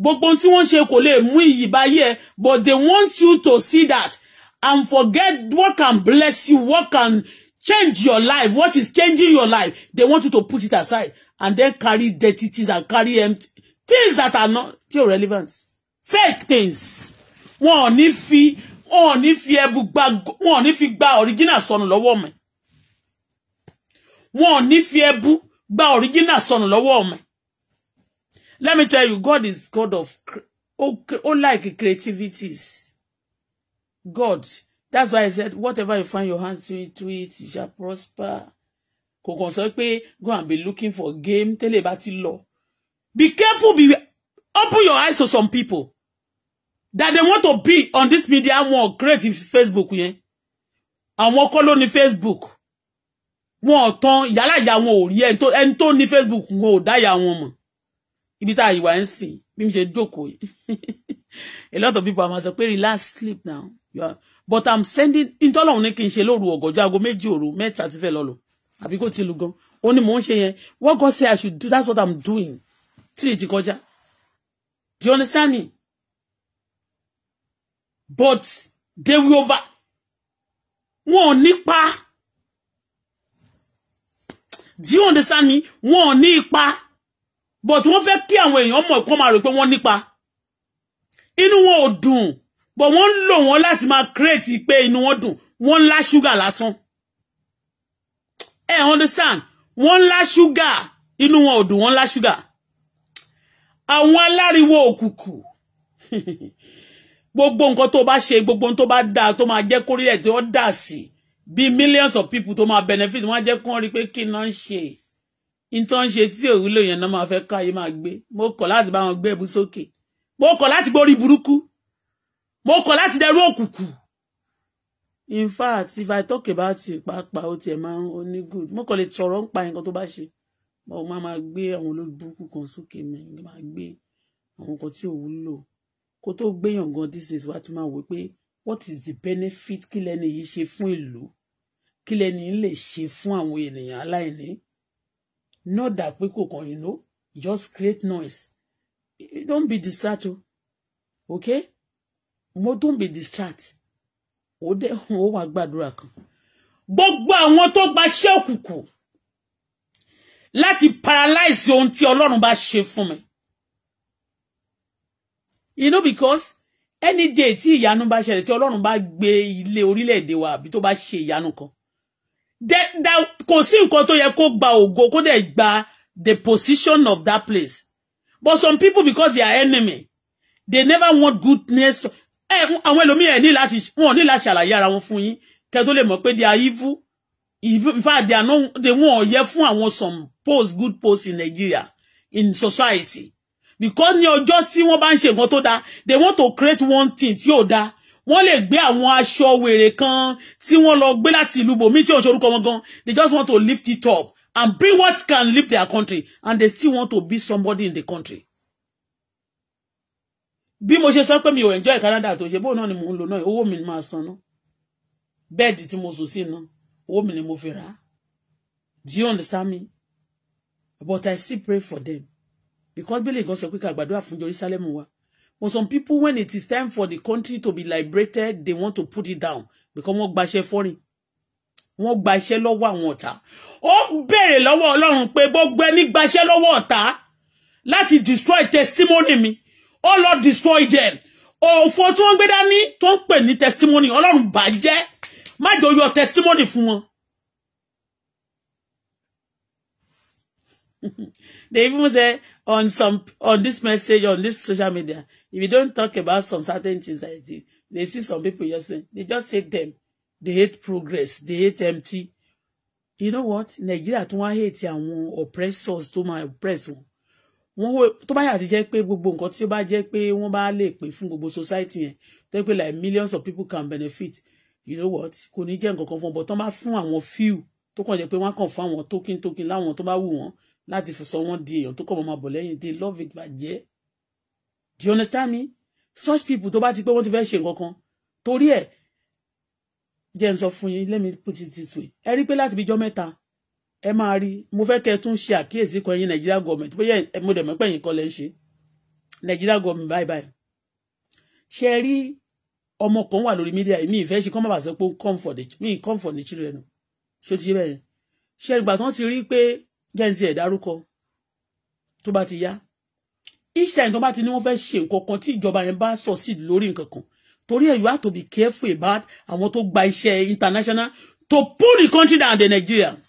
gbogbo tí wọ́n ń ṣe kò lè mú iyì bá ayé but they want you to see that and forget what can bless you what can change your life what is changing your life they want you to put it aside and then carry dirty things and carry empty things that are not still relevant fake things One ò ní fi wọn ò ní fi ẹbu gba wọn ò original son lọ́wọ́ mi wọn ò ní fi ẹbu gba original sọnù lọ́wọ́ woman. let me tell you God is God of o oh, oh, like creativities God that's why i said whatever you find your hands to it, it you shall prosper kò kàn sọ pé go and be looking for game tẹ́lẹ̀ bá ti lọ be careful be open your eyes to some people that they want to be on this media wọn create facebook yẹn àwọn kọ́ ló ní facebook wọn ò tan yàrá ìyá wọn ò rí ẹni tó ní facebook wọn ò dá ìyá wọn mọ̀ ibi tá a ìwà ń sìn bí mo ṣe jókòó a lot of people àmọ́ sọ pé relax sleep now you are but i'm sending ntọ́lọ́run ní kí n ṣe lóru ọ̀gọ́jọ́ aago méjì òru mẹ́ta ti fẹ́ lọ lò àbí kò ti lu gan ó ní mò ń ṣe yẹn what God say i should do that's what i'm doing three ti kọjá do you understand me but they will over wọn ò nípa do you understand me wọn ò ní ipa but wọ́n fẹ́ kí àwọn èèyàn mọ̀ kó máa rò pé wọ́n nípa inú wọn ò but wọ́n ń lò wọ́n láti máa create pé inú wọn dùn wọ́n ń lá ṣúgà lásán ẹ understand wọ́n ń lá ṣúgà inú wọn ò dùn wọ́n ń lá ṣúgà àwọn aláriwo òkùnkùn gbogbo nǹkan tó bá ṣe gbogbo nǹkan tó bá dáa tó máa jẹ́ kórìíyà tí wọ́n dà sí bí millions of people tó máa benefit wọ́n á jẹ́ kán rí pé kí náà ń ṣe nǹkan ṣe tí òwúlò yẹn náà máa fẹ́ káyé máa gbé mo kọ̀ láti bá wọn gbé ẹ̀bù sókè mo kọ̀ láti gbórí burúkú mo kọ̀ láti dẹrú òkùnkùn in fact if i talk about you pàápàá ó tiẹ̀ máa ń ó good mo kàn lè tọrọ ń pa nǹkan tó bá ṣe mo máa máa gbé àwọn olóbùkún kan sókè mi máa gbé àwọn nǹkan tí ò wúlò kó tó gbéyàn gan this is wá ti máa wò pé what is the benefit kí lẹni yìí ṣe fún ìlú kí lẹni yìí lè ṣe fún àwọn ènìyàn aláìní no dà pé kò kàn yín ló just create noise don't be distract o okay mo tún be distract ó dẹ ó wàá gbàdúrà kan gbogbo àwọn tó gba iṣẹ́ òkùnkùn láti paralyze ohun tí Ọlọ́run bá ṣe fún mi you know because any day tí ìyanu bá ṣẹlẹ̀ tí Ọlọ́run bá gbé ilé orílẹ̀-èdè wa àbí tó bá ṣe ìyanu kan kò sí nǹkan tó yẹ kó gba ògo kó dẹ̀ gba the position of that place but some people because they are enemy they never want goodness àwọn ẹlòmíì ẹ̀ ní láti wọn ní láti ṣàlàyé ara wọn fún yín kẹ́ tó lè mọ̀ pé di àyífú in fact they are not they wọ́n yẹ fún àwọn some post good post in Nigeria in society because ní ọjọ́ tí wọ́n bá ń ṣe nǹkan tó dáa they want to create one thing tí ò dáa wọ́n lè gbé àwọn aṣọ wèrè kan tí wọ́n lọ gbé láti ìlú bòmí tí òṣòrúkọ wọn gan they just want to lift it up and bring what can lift their country and they still want to be somebody in the country bí mo ṣe sọ pé mi ò enjoy Canada tó ṣe bóun náà ni mò ń lò náà owó mi ni máa san ná bẹ́ẹ̀dì tí mo sùn sí iná owó mi ni mo fi rà á do you understand me but I still pray for them because bílẹ̀ nǹkan sọ pé ká gbàdúrà Jerusalem wa but some people when it is time for the country to be liberated they want to put it down because wọ́n gbaṣẹ́ foreign wọ́n gbaṣẹ́ lọ́wọ́ àwọn ọ̀tá ó béèrè lọ́wọ́ Ọlọ́run pé gbogbo ẹni gbaṣẹ́ lọ́wọ́ ọ̀tá láti destroy testimony mi oh Lord destroy them òfò tí wọ́n gbé dání tó ń pè testimony ọlọ́run bà jẹ́ má jọ yọ testimony fún wọn. they even say on some on this message on this social media if you don't talk about some certain things like this they see some people just saying they just hate them they hate progress they hate empty you know what Nigeria tún wá hate àwọn oppressors to my oppressor wọn tó bá yà ti jẹ́ pé gbogbo nǹkan tí ó bá jẹ́ pé wọ́n bá lè pè fún gbogbo society yẹn tó yẹ pé like millions of people can benefit you know what kò ní jẹ́ nǹkan kan fún ọ but tó bá fún àwọn few tó kàn jẹ́ pé wọ́n kàn fún àwọn token token láwọn tó bá wù wọ́n láti fòsọ wọn di èèyàn tó kàn máa bọ̀ lẹ́yìn they love it bàjẹ́ do you understand me such people tó bá ti pé wọ́n ti fẹ́ ṣe nǹkan kan torí ẹ̀ jẹ́ n sọ fún yín let me put it this way ẹ rí pé láti bíjọ́ mẹ́ta ẹ máa rí mo fẹ́ kẹ́ tún ṣe àkíyèsí kan yín nàìjíríà gọọmẹ̀ntì bóyá mo dẹ̀ mọ́ pẹ̀yìn kan lẹ́ ń ṣe nàìjíríà gọọmẹ̀ntì báyìí báyìí ṣe rí ọmọ kan wà lórí mídíà mi ìfẹ́ ṣe kọ́ má sọ pé come for the me come for the children ṣó ti ṣe bẹ́ẹ̀ ṣe ìgbà tán ti rí pé gẹ́ǹtì ẹ̀ dárúkọ tó bá ti yá each time tó bá ti ní wọ́n fẹ́ ṣe have to be careful about àwọn tó gba international to pull the country down the Nigerians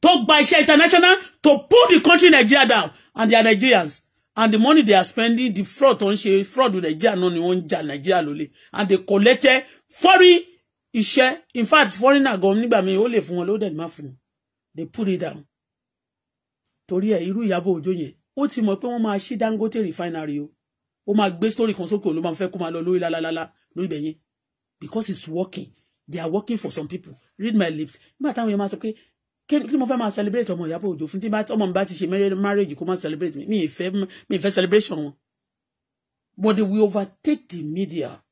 to buy share international to pull the country Nigeria down and their Nigerians and the money they are spending the fraud on share fraud with Nigeria no ni wọ́n jà Nigeria lólè and they collected foreign iṣẹ́ in fact foreigner gan nígbà mi o le fún wọn ló dẹ̀ má fún they pull it down torí ẹ̀ irú Ìyábọ̀ Òjó yẹn ó ti mọ̀ pé wọ́n máa ṣí Dangote refinery o o máa gbé story kan sókè ló fe fẹ́ kó máa lọ la la lórí ibẹ̀ yẹn because it's working they are working for some people read my lips nígbà táwọn yẹn máa sọ pé kí ni mo fẹ́ máa celebrate ọmọ Ìyábọ̀ Òjó fún tí ọmọ mi bá ti ṣe marriage kó máa celebrate mi mi ìfẹ́ mi ìfẹ́ celebration wọn but they will overtake the media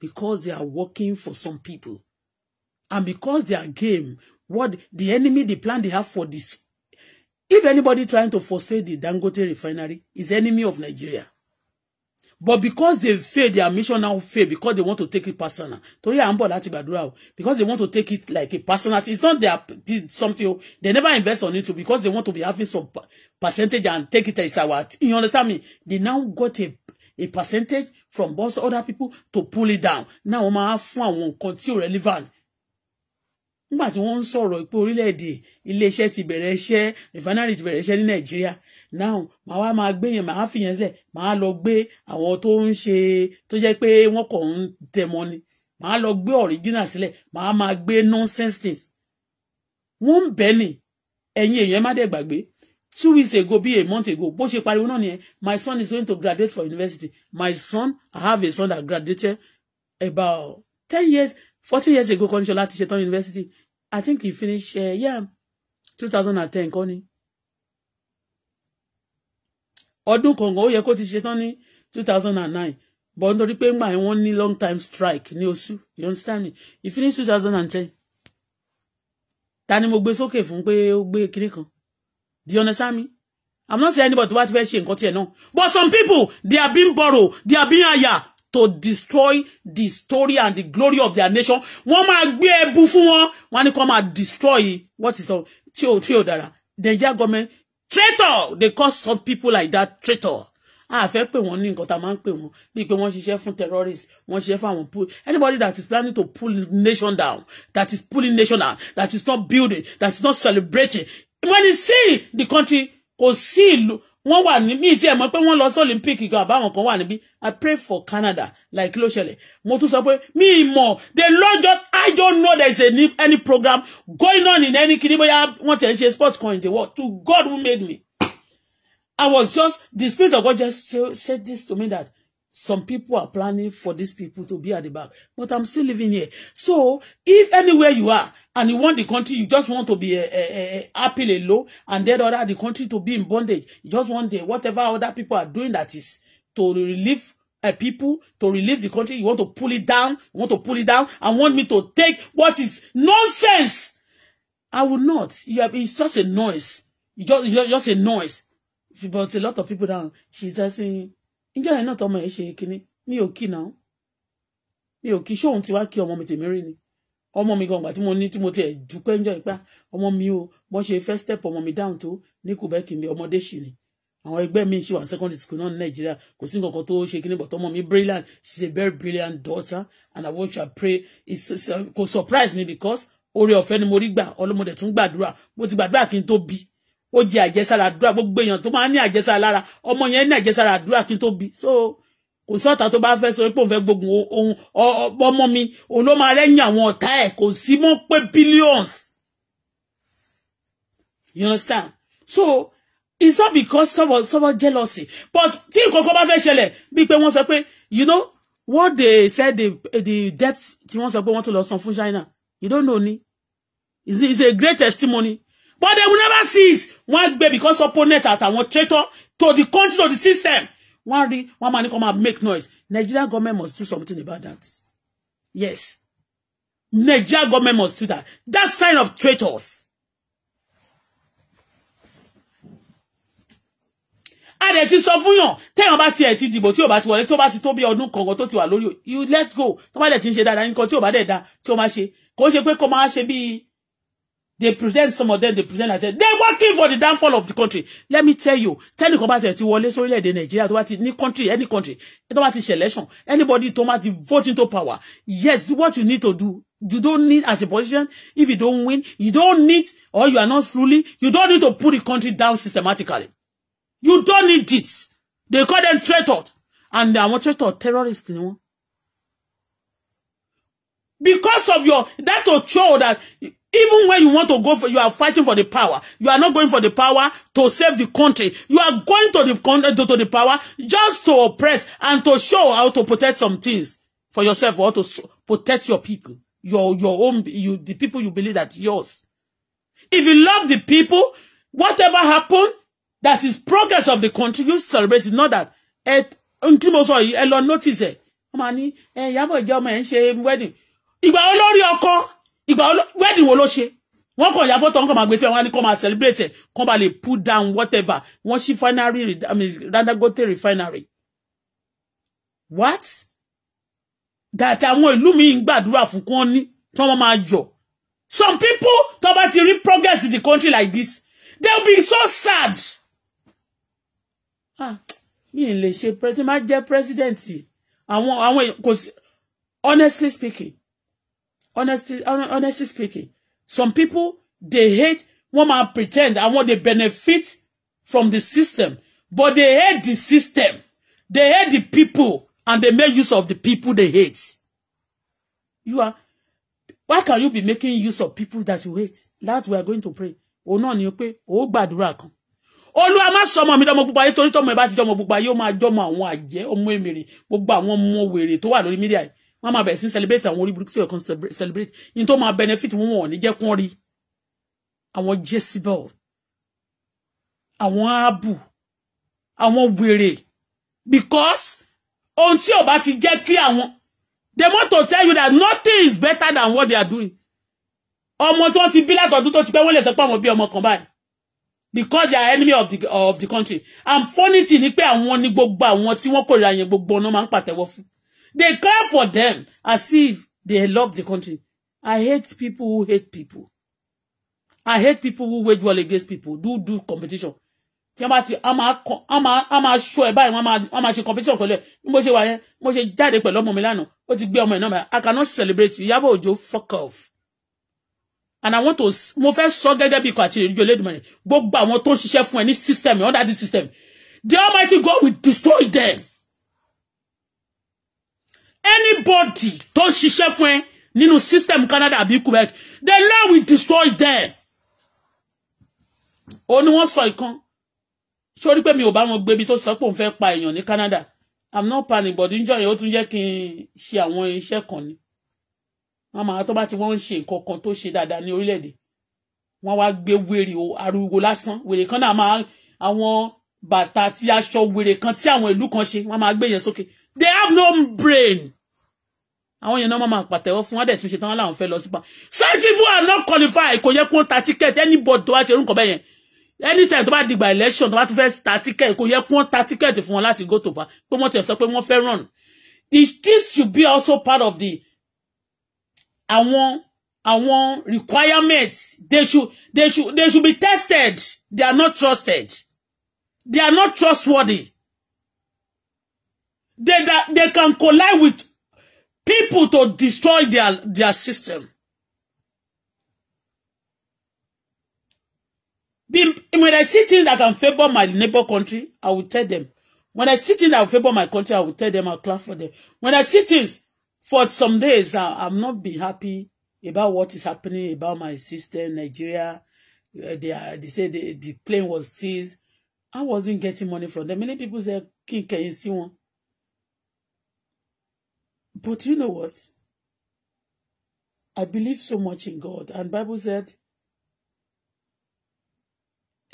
because they are working for some people and because their game what the enemy the plan they have for this if anybody trying to forsake the Dangote refinery is enemy of Nigeria but because they fail their mission now fail because they want to take it personal torí à ń bọ̀ láti gbàdúrà o because they want to take it like a personal it's not their something they never invest on it too because they want to be having some percentage and take it as our you understand me they now got a a percentage from both other people to pull it down now wọ́n máa fún àwọn nǹkan tí ò relevant nígbà tí wọ́n ń sọ̀rọ̀ pé orílẹ̀-èdè iléeṣẹ́ ti bẹ̀rẹ̀ iṣẹ́ refinery ti bẹ̀rẹ̀ iṣẹ́ ní nàìjíríà now màá wá máa gbé yẹn màá fìyẹn sílẹ̀ màá lọ gbé àwọn tó ń ṣe tó jẹ́ pé wọ́n kàn ń tẹ̀mọ́ ni màá lọ gbé original sílẹ̀ màá máa gbé nonsense things wọ́n ń bẹ́ ni ẹ̀yin èèyàn má dẹ̀ gbàgbé two weeks ago bí a month ago bó ṣe pariwo náà nìyẹn my son is going to graduate for university my son I have a son that graduated about ten years fourteen years ago kọ́ni ṣọlá ti ṣetán university i think he finish uh, yeah two thousand and ten kọ́ni ọdún kọ̀ọ̀kan ó yẹ kó ti ṣetán ní two thousand and nine but nítorí pé ngbà wọ́n ní long time strike ní oṣù you understand me he finish two thousand and ten ta ni mo gbé sókè fún pé ó gbé kinní kan do you understand me i'm not saying anybody tó bá ti fẹ́ ṣe nǹkan tiẹ̀ náà but some people they are being borrowed. they are being hire to destroy the story and the glory of their nation wọ́n máa gbé ẹbu fún wọn wọ́n ní kó máa destroy what is up tí ò tí ò dára Nigeria government traitor they call some people like that traitor a fẹ́ pè wọ́n ní nǹkan tá a máa ń pè wọ́n bíi pé wọ́n ṣiṣẹ́ fún terrorists wọ́n ṣiṣẹ́ fún àwọn pull anybody that is planning to pull nation down that is pulling nation down that is not building that is not celebrating when you see the country kò sí ìlú wọ́n wà níbí tí ẹ mọ̀ pé wọ́n lọ sí olympic gan àbáwọn kan wà níbí i pray for canada like kí ló ṣẹlẹ̀ mo tún sọ pé mi mọ̀ the lord just i don't know there is any, any program going on in any kini bóyá wọ́n tẹ̀ ń ṣe sports kan in the world to god who made me i was just the spirit of god just said this to me that some people are planning for these people to be at the back but i'm still living here so if anywhere you are and you want the country you just want to be a, a, a happy a low and then order the country to be in bondage you just want the whatever other people are doing that is to relieve a eh, people to relieve the country you want to pull it down you want to pull it down and want me to take what is nonsense i will not you have it's just a noise you just you just a noise but a lot of people down she's just saying níjọ́ yẹn náà tọmọ ẹ̀ ṣe kínní mi ò kí náà mi ò kí ṣóhun tí wàá kí ọmọ mi tèmi rí ni ọmọ mi gbọ̀ngbà tí mo ní tí mo tiẹ̀ dúpẹ́ níjọ́ ìpá ọmọ mi o bọ́ ṣe first step ọmọ mi down tó ní Quebec mi ọmọdé ṣì ni àwọn ẹgbẹ́ mi ṣe wà secondary school náà ní Nàìjíríà kò sí nǹkan kan tó ṣe kínní bọ̀tọ́ ọmọ mi brilliant she is a very brilliant daughter and I want to pray uh, kò surprise me because oore ọ̀fẹ́ ni mo rí gbà ọlọ́mọdé tún gbàdúrà mo ti gbàdúrà kí n tó bíi ó jẹ àjẹsára àdúrà gbogbo èèyàn tó máa ń ní àjẹsára lára ọmọ yẹn ní àjẹsára àdúrà kí n tó bí so kò sí ọ̀tá tó bá fẹ́ sọ pé òun fẹ́ gbógun ohun ọmọ mi òun ló máa rẹ́yìn àwọn ọ̀tá ẹ̀ kò sí mọ́ pé billions you understand so it's not because someone someone jealousy but tí nǹkan kan bá fẹ́ ṣẹlẹ̀ bíi pé wọ́n sọ pé you know what they said the the debt tí wọ́n sọ pé wọ́n tún lọ san fún China you don't know ni it's, it's a great testimony but they will never see it one gbé because opponent àtàwọn traitor to the country to the system wọ́n rí one man come kó make noise Nigerian government must do something about that yes Nigerian government must do that that sign of traitors. a dẹ̀ ti sọ fún yàn tẹ́yàn bá tiẹ̀ ti dìbò tí ò bá ti wọlé tó bá ti you let go tó bá dẹ̀ ti ń ṣe you nǹkan tí ò bá dẹ̀ da tí ó máa ṣe kò ṣe pé kó máa they present some of them they present like that they working for the downfall of the country let me tell you Tell kan about tiẹ̀ ti wọlé sórílẹ̀-èdè nàìjíríà tó bá ti ní country any country It don't matter ṣe election anybody to má ti vote into power yes what you need to do you don't need as a politician if you don't win you don't need or you are not ruling you don't need to put the country down systematically you don't need it they call them traitors and they are traitors terrorists You know because of your that to show that Even when you want to go for, you are fighting for the power. You are not going for the power to save the country. You are going to the to the power just to oppress and to show how to protect some things for yourself or to protect your people, your your own, you the people you believe that yours. If you love the people, whatever happened, that is progress of the country. You celebrate it, not that. Ẹ ntí mo sọ yìí, ẹ lọ notice ẹ. Ọmọ ni ẹ Ìyábọ̀ Ìjẹ́ ọmọ ẹ̀ ń ṣe wedding. Ìgbà olórí ọkọ ìgbà wedding wo ló ṣe wọ́n kàn ya fọ́tò wọn kàn máa gbé sí wọn ní kàn máa celebrate kàn bá lè pull down whatever wọ́n ṣí finery I mean Dangote refinery what that àwọn ìlú mi ń gbàdúrà fún kán ní tí wọ́n máa yọ̀ some people tó bá ti rí progress in the country like this they will be so sad ah mi ì lè ṣe president má jẹ́ president àwọn àwọn kò sí honestly speaking honestly honestly speaking some people they hate wọ́n máa pretend want dey benefit from the system but they hate the system they hate the people and they make use of the people they hate you are why can you be making use of people that you hate that we are going to pray òun náà ni pé ó gbàdúrà kan olúwa má sọ ọmọ mi dọmọ gbogbo ayé torí tọmọ ẹ bá ti dọmọ gbogbo ayé ó máa jọmọ àwọn àjẹ́ ọmọ èmèrè gbogbo àwọn ọmọ wèrè tó wà lórí mídíà yìí wọ́n máa bẹ̀rẹ̀ sí celebrate àwọn orí burúkú tí ọ̀kan celebrate yìí tó máa benefit wọn wọ̀n ní jẹ́ kún rí àwọn jezebel àwọn abu àwọn wèrè because ohun tí ọba ti jẹ́ kí àwọn they want to tell you that nothing is better than what they are doing ọmọ tí wọ́n ti bí látọ̀dún tó ti pẹ́ wọ́n lè sọ pé àwọn bí ọmọ kan báyìí because they are enemy of the of the country and funny thing ni pé àwọn ni gbogbo àwọn tí wọ́n kórìíra yẹn gbogbo ọ̀nà máa ń pàtẹ́wọ́ fún They care for them as if they love the country. I hate people who hate people. I hate people who wage war against people, do do competition. Tí a máa ti, a máa kọ, a máa, a máa ṣọ ẹ̀ báyìí, competition pẹ̀lú ẹ̀. Bí mo ṣe wà yẹn, mo ṣe jáde pẹ̀lú ọmọ mi lánàá, ó ti gbé I cannot celebrate You Ìyábọ̀ Òjó fuck off. And I want to, move fẹ́ sọ gẹ́gẹ́ bí ikọ̀ àti ìrìnjú Olódùmarè, gbogbo àwọn tó ń ṣiṣẹ́ fún for any system, under this system, the Almighty God will destroy them anybody tó ń ṣiṣẹ́ fún ẹ nínú system Canada àbí Quebec the law will destroy them. ó ní wọ́n sọ ìkan sórí pé mi ò bá wọn gbébi tó sọ pé òun fẹ́ pa èèyàn ní Canada i'm not panic but níjọ́ yẹn ó tún jẹ́ kí n ṣe àwọn iṣẹ́ kan ni wọ́n máa tó bá ti wọ́n ń ṣe nǹkan kan tó ṣe dáadáa ní orílẹ̀-èdè wọ́n wá gbé wèrè ariwo lásán wèrè kan náà máa àwọn bàtà àti aṣọ wèrè kan tí àwọn ìlú kan ṣe wọ́n máa gbé yẹn sókè they have no brain. àwọn yẹn náà máa máa pàtẹ́wọ́ fún wọn dẹ̀ tún ṣe tán wọn làwọn fẹ́ lọ sípa such people are not qualified kò yẹ kó ta ticket anybody tó wá ṣe orúkọ bẹ́ẹ̀ yẹn anytime tó bá dìgbà election tó bá tún fẹ́ ta ticket kò yẹ kó ta ticket fún wọn láti go to pa pé wọ́n ti sọ pé wọ́n fẹ́ run this should be also part of the àwọn àwọn requirements they should they should they should be tested they are not trusted they are not trustworthy They, that they can collide with people to destroy their, their system. When I see things that can favor my neighbor country, I will tell them. When I see things that will favor my country, I will tell them, I'll clap for them. When I see things, for some days, I, I've not be happy about what is happening about my system, Nigeria. Uh, they, uh, they say the, the plane was seized. I wasn't getting money from them. Many people say, King, can you see one? But you know what? I believe so much in God. And Bible said,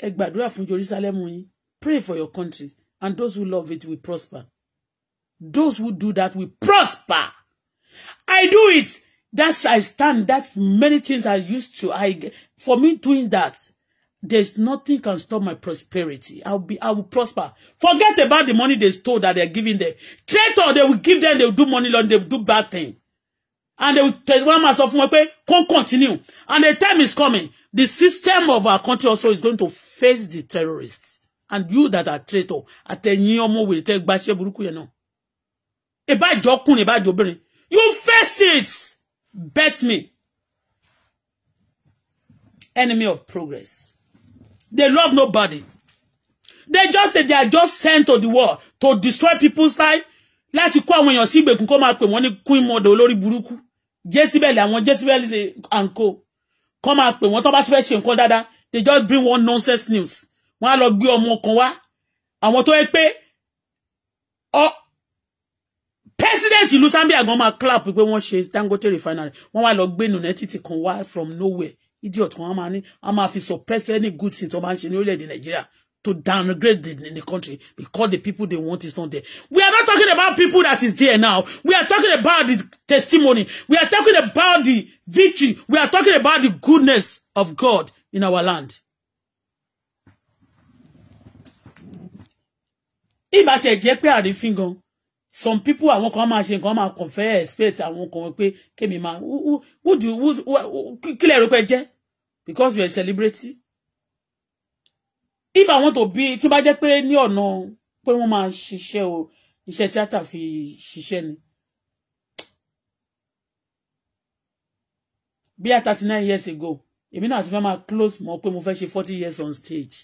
Ẹ gbàdúrà Jerusalem Pray for your country. And those who love it will prosper. Those who do that will prosper. I do it. That's I stand. That's many things I used to. I for me doing that. There's nothing can stop my prosperity. I'll be, I will prosper. Forget about the money they stole that they're giving them. Traitor, they will give them, they will do money laundering, they will do bad thing. And they will tell one man of Mwepe, continue. And the time is coming. The system of our country also is going to face the terrorists. And you that are traitor, àtẹ̀yin ọmọ wèrè tẹ́ gba iṣẹ́ burúkú yẹn náà. Ìbá jọkùnrin, ìbá jọbìnrin. You face it. Bet me. Enemy of progress. They love nobody. They just say they are just sent to the world to destroy people's life. Láti kó àwọn èèyàn sí ìgbèkùn kó máa pè wọ́n ní queen model olórí burúkú. Jezebel àwọn Jezebel ṣe àǹkó. Kọ́ máa pè wọ́n tó bá ti fẹ́ ṣe nǹkan dáadáa. They just bring one nonsense news. Wọ́n á lọ gbé ọmọ kan wá. Àwọn tó yẹ pé president ìlú Zambia gan máa clap pé wọ́n ṣe Dangote refinery. Wọ́n wá lọ gbé nùnẹ́ títì kan wá from nowhere idiot wọn máa ní wọn máa fi suppress any good thing tó máa ń ṣe ní orílẹ̀-èdè nàìjíríà to downgrade the, the country because the people they want is not there. We are not talking about people that is there now. We are talking about the testimony. We are talking about the victory. We are talking about the goodness of God in our land. Ìbá tẹ̀ jẹ́ pé àrífín gan-an some people àwọn kan máa ṣe nǹkan máa confess expect àwọn kan pé kémi máa who do who kílẹ̀ rẹ pẹ́ jẹ́ because you are a celebrity if I want to be tí ó bá jẹ́ pé ní ọ̀nà pé wọ́n máa ṣiṣẹ́ o iṣẹ́ tíátà fi ṣiṣẹ́ ni. bí i thirty nine years ago èmi náà ti fẹ́ máa close mọ́ pé mo fẹ́ ṣe forty years on stage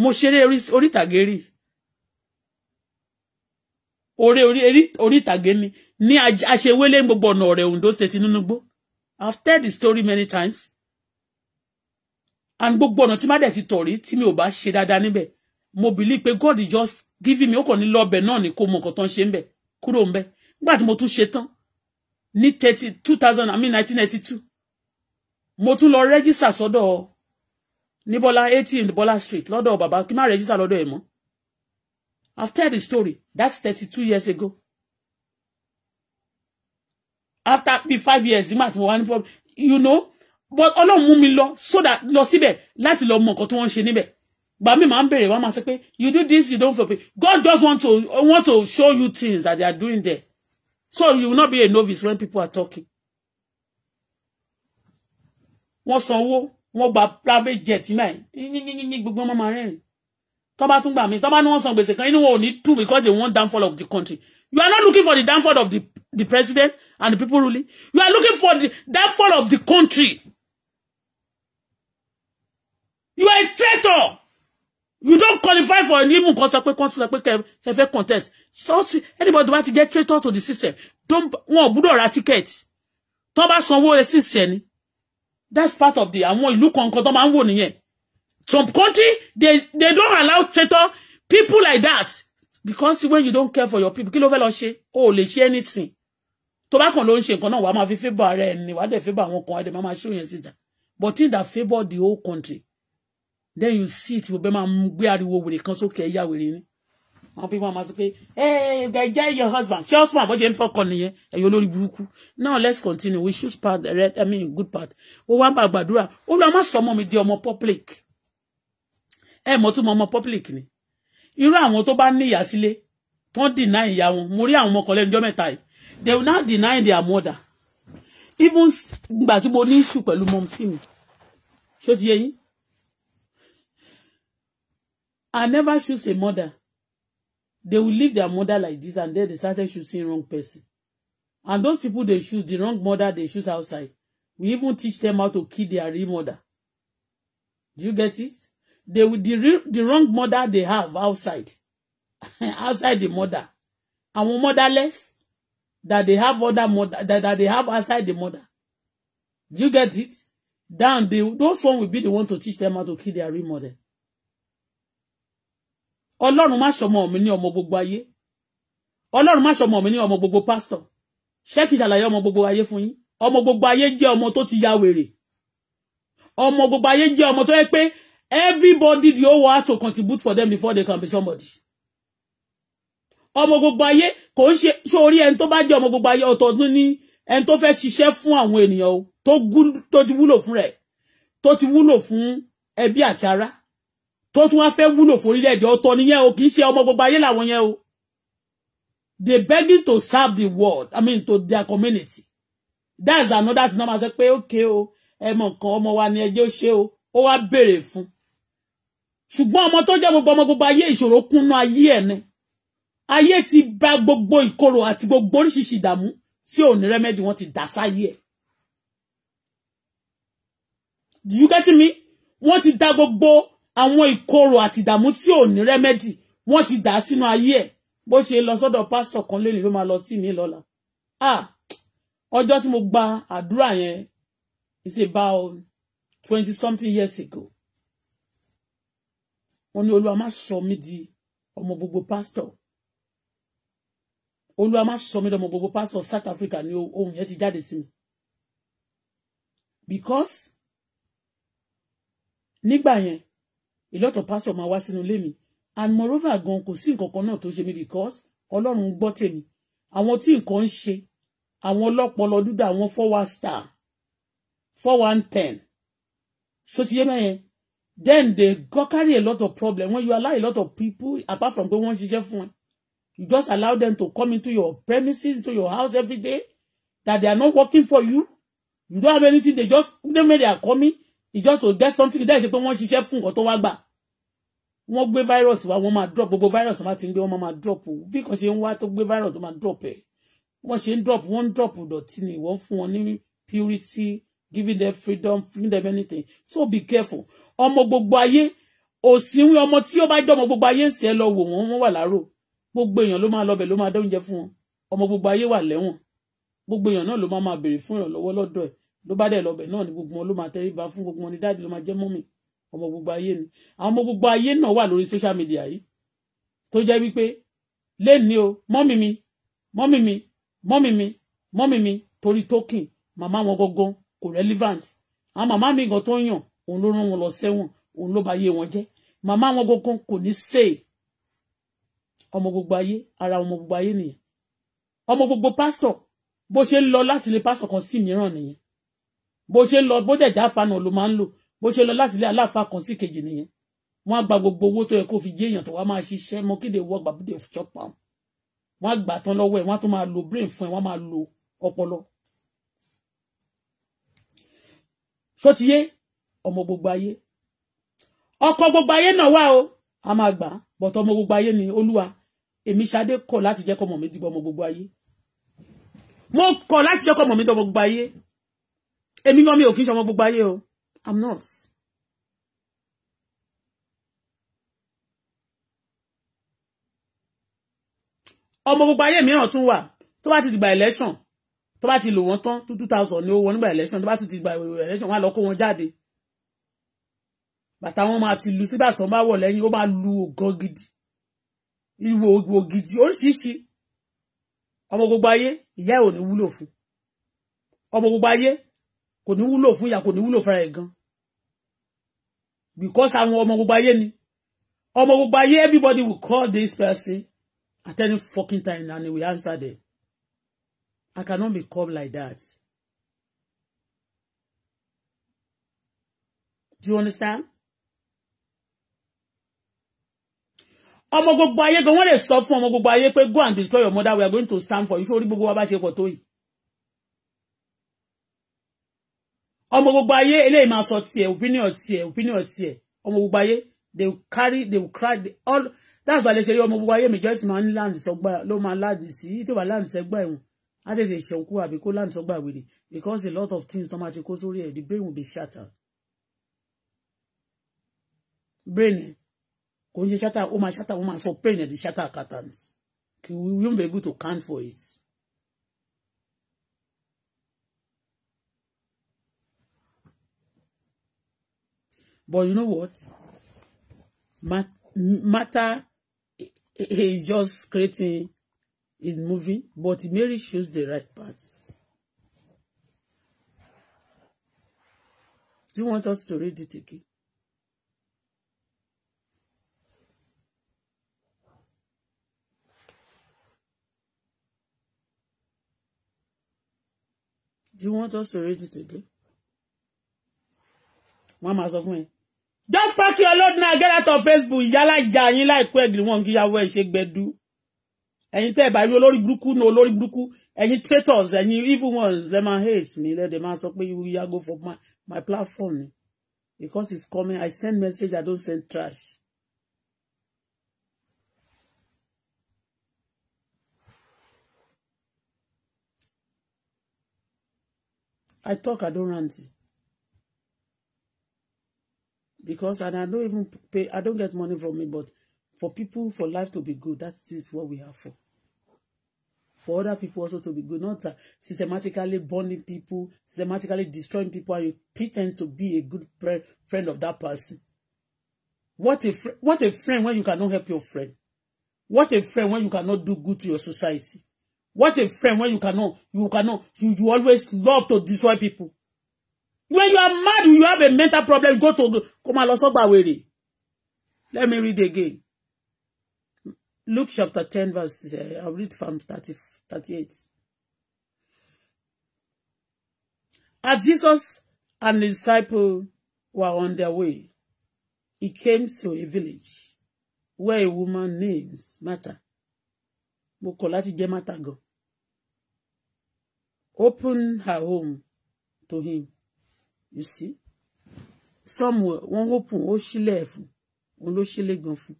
mo ṣeré orí ìtàgé rí orí orí orí ìtàgé mi ní aṣewélé gbogbo ọ̀nà ọ̀rẹ́ Ondo State nínúgbó I've have told the story many times and gbogbo ọ̀nà tí má dẹ̀ ti tọ̀ rí tí mi ò bá ṣe dáadáa níbẹ̀ mo believe pé God is just giving me ó kàn ní lọ́ọ̀bẹ̀ náà ni kò mọ nǹkan tó ń ṣe ń bẹ̀ kúrò ń bẹ̀ nígbà tí mo tún ṣe tán ní thirty two thousand i nineteen ninety two mo tún lọ rẹ́gísà sọ́dọ̀ ní eighteen Bọ́lá street lọ́dọ̀ bàbá kí má rẹ́gísà lọ́dọ̀ ẹ̀ mọ́ I've told the story. That's 32 years ago. After be five years, ìmọ̀ àti wọn ní problem. You know, but Ọlọ́run mú mi lọ so that lọ síbẹ̀ láti lọ mọ nǹkan tó wọ́n ń ṣe níbẹ̀. Gbà mí máa ń bèrè wọ́n you do this you don't feel God just want to want to show you things that they are doing there. So you will not be a novice when people are talking. Wọ́n sanwó, wọ́n gba private jet náà, yín yín yín gbogbo ọmọ máa tó bá tún gbà mí tó bá ní wọ́n san gbèsè kan inú wọn because they want downfall of the country you are not looking for the downfall of the the president and the people ruling you are looking for the downfall of the country you are a traitor you don't qualify for an even kan sọ contest so anybody want to get traitor to the system don't. wọn ò gbúdọ̀ ra ticket tó bá sanwó ẹsìn that's part of the àwọn ìlú look on máa ń wò nìyẹn Some country, they, they don't allow traitor people like that. Because when you don't care for your people, kí ló fẹ́ lọ ṣe? O ò lè ṣe anything. Tó bá kàn ló ń ṣe nǹkan náà, wàá máa fi favour ara ẹni, wàá dẹ̀ favour àwọn kan, wàá dẹ̀ máa máa ṣó yẹn síta. But in that favour the whole country, then you see it, wọ́n bẹ́ẹ̀ máa gbé ariwo wèrè kan sókè ẹ̀yà wèrè ni àwọn people máa sọ pé hey eh, jẹ your husband ṣé husband bó ṣe ń fọkàn nìyẹn ẹ̀yin olórí burúkú now let's continue we should part the red i mean good part ó wá bá gbàdúrà ó lọ má sọ ọmọ mi di ọmọ public ẹ mọ̀ tún mọ ọmọ public ni irú àwọn tó bá ní ìyá sílé tó ń deny ìyá wọn mo rí àwọn ọmọ kan lẹ́nu ọjọ́ yìí they will now deny their mother even gbà tí mo ní issue pẹ̀lú mọ́mísì mi ṣó ti yé yín I never choose a mother they will leave their mother like this and then they started choosing wrong person and those people they choose the wrong mother they choose outside we even teach them how to kill their real mother do you get it The the, the wrong mother they have outside outside the mother àwọn motherless that they have other mother that, that they have outside the mother do you get it then they, those one will be the one to teach them how to kill their real mother ọlọ́run má ṣọmọ mi ní ọmọ gbogbo ayé ọlọ́run má ṣọmọ mi ní ọmọ gbogbo pastor. ṣé kí ṣàlàyé ọmọ gbogbo ayé fún yín ọmọ gbogbo ayé jẹ́ ọmọ tó ti ya wèrè ọmọ gbogbo ayé jẹ́ ọmọ tó yẹ pé everybody the whole world has to contribute for them before they can be somebody ọmọ gbogbo ayé kò ń ṣe sórí ẹni tó bá jẹ́ ọmọ gbogbo ayé ọ̀tọ̀ ní ẹni tó fẹ́ ṣiṣẹ́ fún àwọn ènìyàn o tó ti wúlò fún rẹ̀ tó ti wúlò fún ẹbí àti ará tó tún wá fẹ́ wúlò fún orílẹ̀-èdè ọ̀tọ̀ nìyẹn o kì í ṣe ọmọ gbogbo ayé làwọn yẹn o they begging to serve the world i mean to their community that's another thing náà máa pé okay o ẹ mọ nǹkan ọmọ wa ni ẹjẹ ó ṣe o ó wá béèrè fún ṣùgbọ́n ọmọ tó jẹ́ gbogbo ọmọ gbogbo ayé ìṣòro kúnnú ayé ẹ̀ ni ayé ti bà gbogbo ìkorò àti gbogbo oríṣiríṣi ìdààmú tí ò rẹ́mẹ́dì wọ́n ti dà sáyé ẹ̀ do you get me wọ́n ti da gbogbo àwọn ìkorò àti ìdààmú tí ò ní rẹ́mẹ́dì wọ́n ti dà sínú ayé ẹ̀ bó ṣe lọ sọ́dọ̀ pásítọ̀ kan lónìí ló máa lọ sí mi lọ́la ah ọjọ́ tí mo gba àdúrà yẹn is about twenty something years ago ó ní olúwa má sọ mí di ọmọ gbogbo pásítọ̀ olúwa má sọ mí di ọmọ gbogbo pásítọ̀ South Africa ni ohun yẹn ti jáde sí mi because nígbà yẹn a lot of pásítọ̀ máa wá sínú ilé mi and moreover gan kò sí nǹkan kan náà tó ṣe mí because ọlọ́run gbọ́ tèmi àwọn tí nǹkan ń ṣe àwọn ọlọ́pọlọ dúdú àwọn four one star four one ten so ti yé then they go carry a lot of problem when you allow a lot of people apart from going to ṣiṣẹ́ fún you just allow them to come into your premises into your house every day that they are not working for you you don't have anything they just them when they are coming it's just to get something there ṣe pé wọ́n ṣiṣẹ́ fún nǹkan tó wá gbà wọ́n virus one wọ́n drop gbogbo virus máa ti ń gbé drop Because you want to ń virus tó drop ẹ̀ wọ́n ṣe drop One drop dọ̀tí ni wọ́n one wọn ní purity giving them freedom giving them anything so be careful ọmọ gbogbo ayé òsínwé ọmọ tí ó bá jẹ́ ọmọ gbogbo ayé ń sẹ́ lọ wò wọ́n wọ́n wà láàárọ̀ gbogbo èèyàn ló máa lọ́bẹ̀ ló máa dóúnjẹ fún wọn ọmọ gbogbo ayé wà lẹ́wọ̀n gbogbo èèyàn náà ló máa máa béèrè fún ìrànlọ́wọ́ lọ́dọ̀ ẹ̀ ló bá dẹ̀ lọ́bẹ̀ náà ni gbogbo wọn ló máa tẹríba fún gbogbo wọn ni dáàdì ló máa jẹ́ mọ́mì ọmọ gbogbo ayé ni àwọn ọmọ gbogbo ayé náà wà lórí social media yìí tó jẹ́ wípé lẹ́ni o mọ́mì mi mọ́mì mi mọ́mì mi mọ́mì mi torí token màmá wọn gangan kò relevant àwọn màmá mi gan tó ń yàn òun ló rán wọn lọ sẹ́wọ̀n òun ló bà yé wọn jẹ́ màmá wọn gbogbo kò ní sèé ọmọ gbogbo ayé ara ọmọ gbogbo ayé nìyẹn ọmọ gbogbo pásítọ̀ bó ṣe ń lọ láti ilé pásítọ̀ kan sí mìíràn nìyẹn bó ṣe ń lọ bó dẹ̀ jáfa náà ló máa ń lò bó ṣe lọ láti ilé aláfa kan sí kejì nìyẹn wọ́n á gba gbogbo owó tó yẹ kó fi jẹ èèyàn tó wá máa ṣiṣẹ́ mọ kéde wọ gbàbúdè chop am wọ́n á gbà tán lọ́wọ́ ẹ̀ wọ́n á tún máa lo brain fún ẹ wọ́n á máa lo ọpọlọ ṣó ti yé ọmọ gbogbo ayé ọkọ gbogbo ayé náà wà o a máa gbà bọ̀tọ̀ ọmọ gbogbo ayé ni olúwa èmi ṣadé kọ̀ láti jẹ́ kọ́mọ mi di ọmọ gbogbo ayé mo kọ̀ láti jẹ́ kọ́mọ mi di ọmọ gbogbo ayé èmi gan mi ò kí n ṣe ọmọ gbogbo ayé o i'm not. ọmọ gbogbo ayé mìíràn tún wà tó bá ti dìgbà election tó bá ti lò wọ́n tán tó two thousand ni ó wọ nígbà election tó bá ti ti gba election wọn á lọ kó wọn jáde bàtà wọn máa ti lu sígbà tó bá wọ̀ lẹ́yìn ó máa lu ògan gidi ìwò ògbò gidi oríṣiríṣi ọmọ gbogbo ayé ìyá ẹ̀ ò ní wúlò fún ọmọ gbogbo ayé kò ní wúlò fún ìyá kò ní wúlò fúnra ẹ̀ gan because àwọn ọmọ gbogbo ayé ni ọmọ gbogbo ayé everybody will call this person at any fucking time and we answer them. I cannot be called like that. Do you understand? ọmọ gbogbo ayé gan wọ́n lè sọ fún ọmọ gbogbo ayé pé go and destroy your mother we are going to stand for you sórí gbogbo wa bá ṣe pọ̀ tó yìí. ọmọ gbogbo ayé eléyìí máa sọ tiẹ̀ opinion tiẹ̀ opinion tiẹ̀ ọmọ gbogbo ayé they will carry they will cry they all that's why they say rí ọmọ gbogbo ayé majority just man land sọgbà ló máa land sí tí ó bá land sẹgbà ẹ̀wọ̀n á tètè ṣẹ̀nkú àbí kó láǹtí ọgbà wèrè because a lot of things tó máa ti kó sórí ẹ̀ the brain will be shattered brain kò ń shatter ó máa shatter ó máa sọ brain ẹ̀ di shatter cartons You we won't be able to count for it. But you know what? Mat matter is just creating is moving, but Mary shows the right path. Do you want us to read it again? Do you want us to read it again? Mama máa sọ fún ẹ. Just pack your load now, get out of Facebook. Ìyá láìjà yín láìpẹ́ gírí wọn kí ìyàwó ẹ̀ ṣe gbẹdú ẹ̀yin tẹ́ ẹ̀ bá rí olórí burúkú ní olórí burúkú ẹ̀yin traitors ẹ̀yin evil ones lẹ́ máa hate mi lẹ́dẹ̀ máa sọ pé you yago for my, my platform ni because it's coming I send message I don't send trash. I talk I don't rant because and I don't even pay I don't get money from me, but for people for life to be good that's it what we are for for other people also to be good not uh, systematically burning people systematically destroying people and you pretend to be a good friend of that person what a fr what a friend when you cannot help your friend what a friend when you cannot do good to your society what a friend when you cannot you cannot you, you always love to destroy people when you are mad you have a mental problem go to go ma let me read again Luke chapter 10, verse, uh, I'll read from 30, 38. As Jesus and the disciples were on their way, he came to a village where a woman named Martha, mo kọ̀ opened her home to him. You see? Some one open ó sílẹ̀ fún, òun ló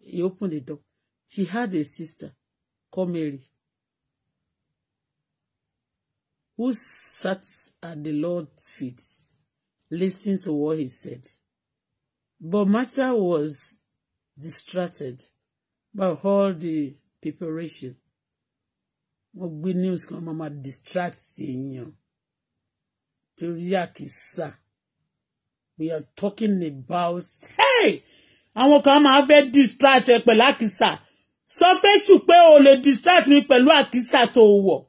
He opened the door she had a sister called Mary who sat at the Lord's feet, listening to what he said. But Martha was distracted by all the preparation. Wọ́n gbé news kan máa ma distract èèyàn torí àkísà. We are talking about hey! Àwọn kan máa fẹ́ distract ẹ pẹ̀lú àkísà sọ fésù pé o lè distract mi pẹ̀lú àkísà tó wọ̀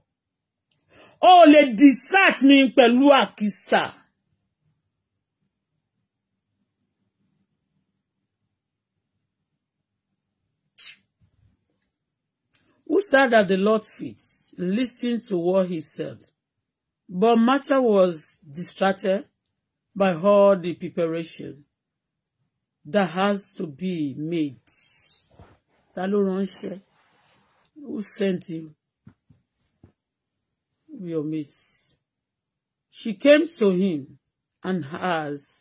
o lè distract mi pẹ̀lú àkísà. Who said that the Lord fits, listening to what he said? But Martha was distracted by all the preparation that has to be made ta ló ránṣẹ́ who sent him your mate she came to him and asked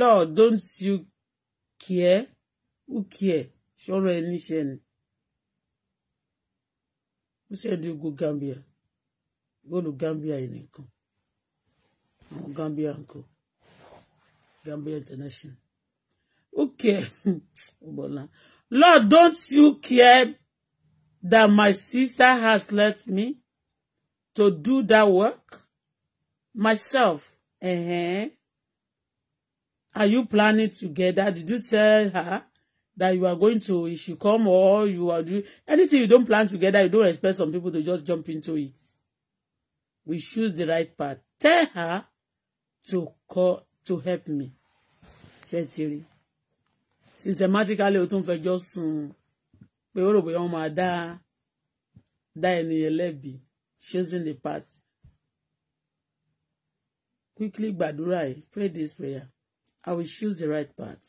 lord don't you care who care ṣọrọ ẹ níṣẹ́ ni who said you go Gambia Go to Gambia yìí nìkan àwọn Gambia nǹkan Gambia international ó kẹ ọ Lord, don't you care that my sister has left me to do that work myself? Uh-huh. Are you planning together? Did you tell her that you are going to, If she come or you are doing anything you don't plan together, you don't expect some people to just jump into it. We choose the right path. Tell her to call to help me. Ṣé systematically o tún fẹjọ́ sùn pé ó rò pé wọ́n máa dá dá ènìyàn lẹ́bi choosing the path quickly gbàdúrà yìí pray this prayer i will choose the right path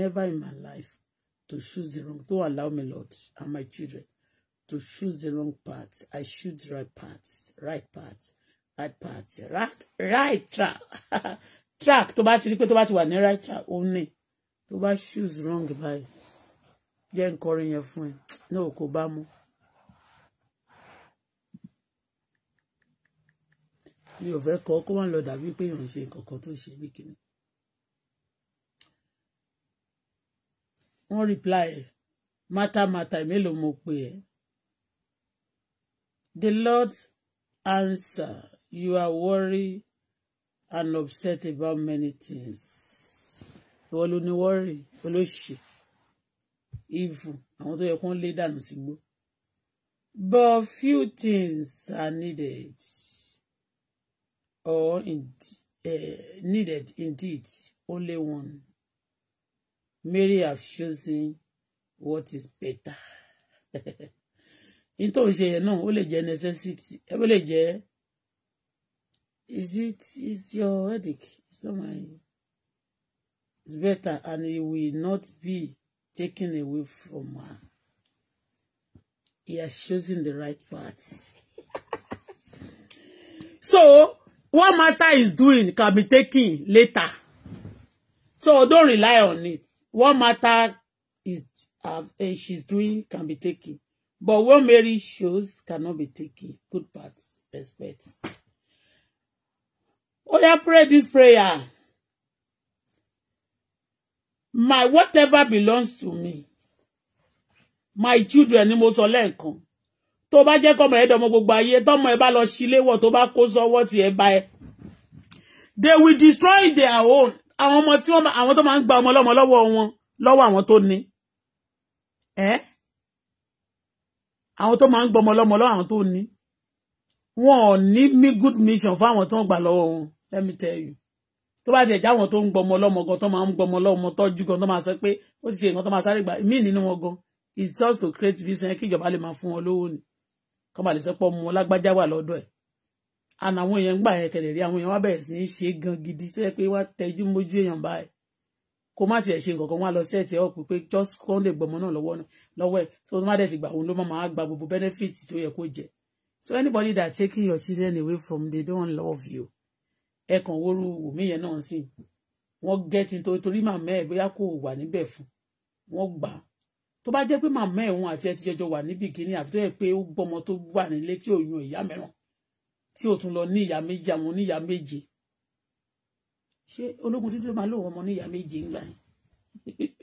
never in my life to choose the wrong to allow me lord and my children to choose the wrong path i choose the right path right path right path right right track track tó bá ti rí pé tó bá ti wà ní right track ó ní tó bá shoes wrong báyìí jẹ́ nkọrin yẹn fún ẹ náà kò bá mú. mi ò fẹ́ kọ́ kó má lọ dàbí pé èèyàn ṣe nǹkan kan tó ṣe bí kìíní. wọ́n reply mátámátá mélòó mo pè ẹ́. the Lord answer you are worried and upset about many things ìwọ ló ní wọ́ọ̀rì olóṣìṣẹ́ ìfù àwọn tó yẹ kó ń lé dànù sígbó but few things are needed or in, uh, needed indeed only one Mary have chosen what is better in tó ń ṣe yẹn náà ó lè jẹ necessity ẹ bó lè jẹ is it is your headache it's not my is better and it will not be taken away from her. He has chosen the right path. So, what matter is doing can be taken later. So, don't rely on it. What matter is uh, she's doing can be taken. But what Mary shows cannot be taken. Good parts, respect. Oh, yeah, pray this prayer my whatever belongs to me my children ni mo sọ lẹ́ẹ̀kan tó bá jẹ́ kọ́mọ ẹ̀ dọ́mọ gbogbo ayé tọ́mọ ẹ bá lọ síléwọ̀ tó bá kó sọ́wọ́ tí ẹ bá ẹ they will destroy their own àwọn ọmọ tí wọ́n àwọn tó máa ń gba ọmọ lọ́mọ lọ́wọ́ wọn lọ́wọ́ àwọn tó ní ẹ́ àwọn tó máa ń gbọmọ lọ́mọ lọ́wọ́ àwọn tó ní wọn ò ní good mission fáwọn tó ń gbà lọ́wọ́ wọn let me tell you tó bá tiẹ̀ jáwọn tó ń gbọmọ lọ́mọ gan tó máa ń gbọmọ lọ́mọ tọ́jú gan tó máa sọ pé ó ti ṣe nǹkan tó máa sáré gbà mí nínú wọn gan it's just to create business kí ìjọba lè máa fún wọn lówó ni kọ́ máa lè sẹ́pọ̀ mu wọn lágbájá wà lọ́dọ̀ ẹ̀ àná àwọn èèyàn gbà yẹn kẹlẹ̀ rí àwọn èèyàn wá bẹ̀rẹ̀ sí í ṣe gan gidi tó yẹ pé wá tẹjú mójú èèyàn báyìí kó má tiẹ̀ ṣe nǹkan wá lọ sẹ́ẹ̀tì ọ̀ pé just kó lè gbọmọ náà lọ́wọ́ ẹ̀ so má dẹ̀ ti gbà òun ló máa gba gbogbo benefit tó yẹ kó jẹ so anybody that taking your children away from they don't love you ẹkàn wóoru wùmí yẹn náà sí wọ́n gẹ́tì torí màmá ẹ̀ bóyá kò wà níbẹ̀ fún wọ́n gbà á tó bá jẹ́ pé màmá ẹ̀ òun àti ẹ ti jọjọ wà níbi kíní àbí tó yẹ pé ó gbọ́mọ tó wà nílé tí ò yan ìyá mìíràn tí ò tún lọ ní ìyá méjì àwọn oníyá méje ṣé ológun títí ló máa lóun ọmọ oníyá méje ńgbà yẹn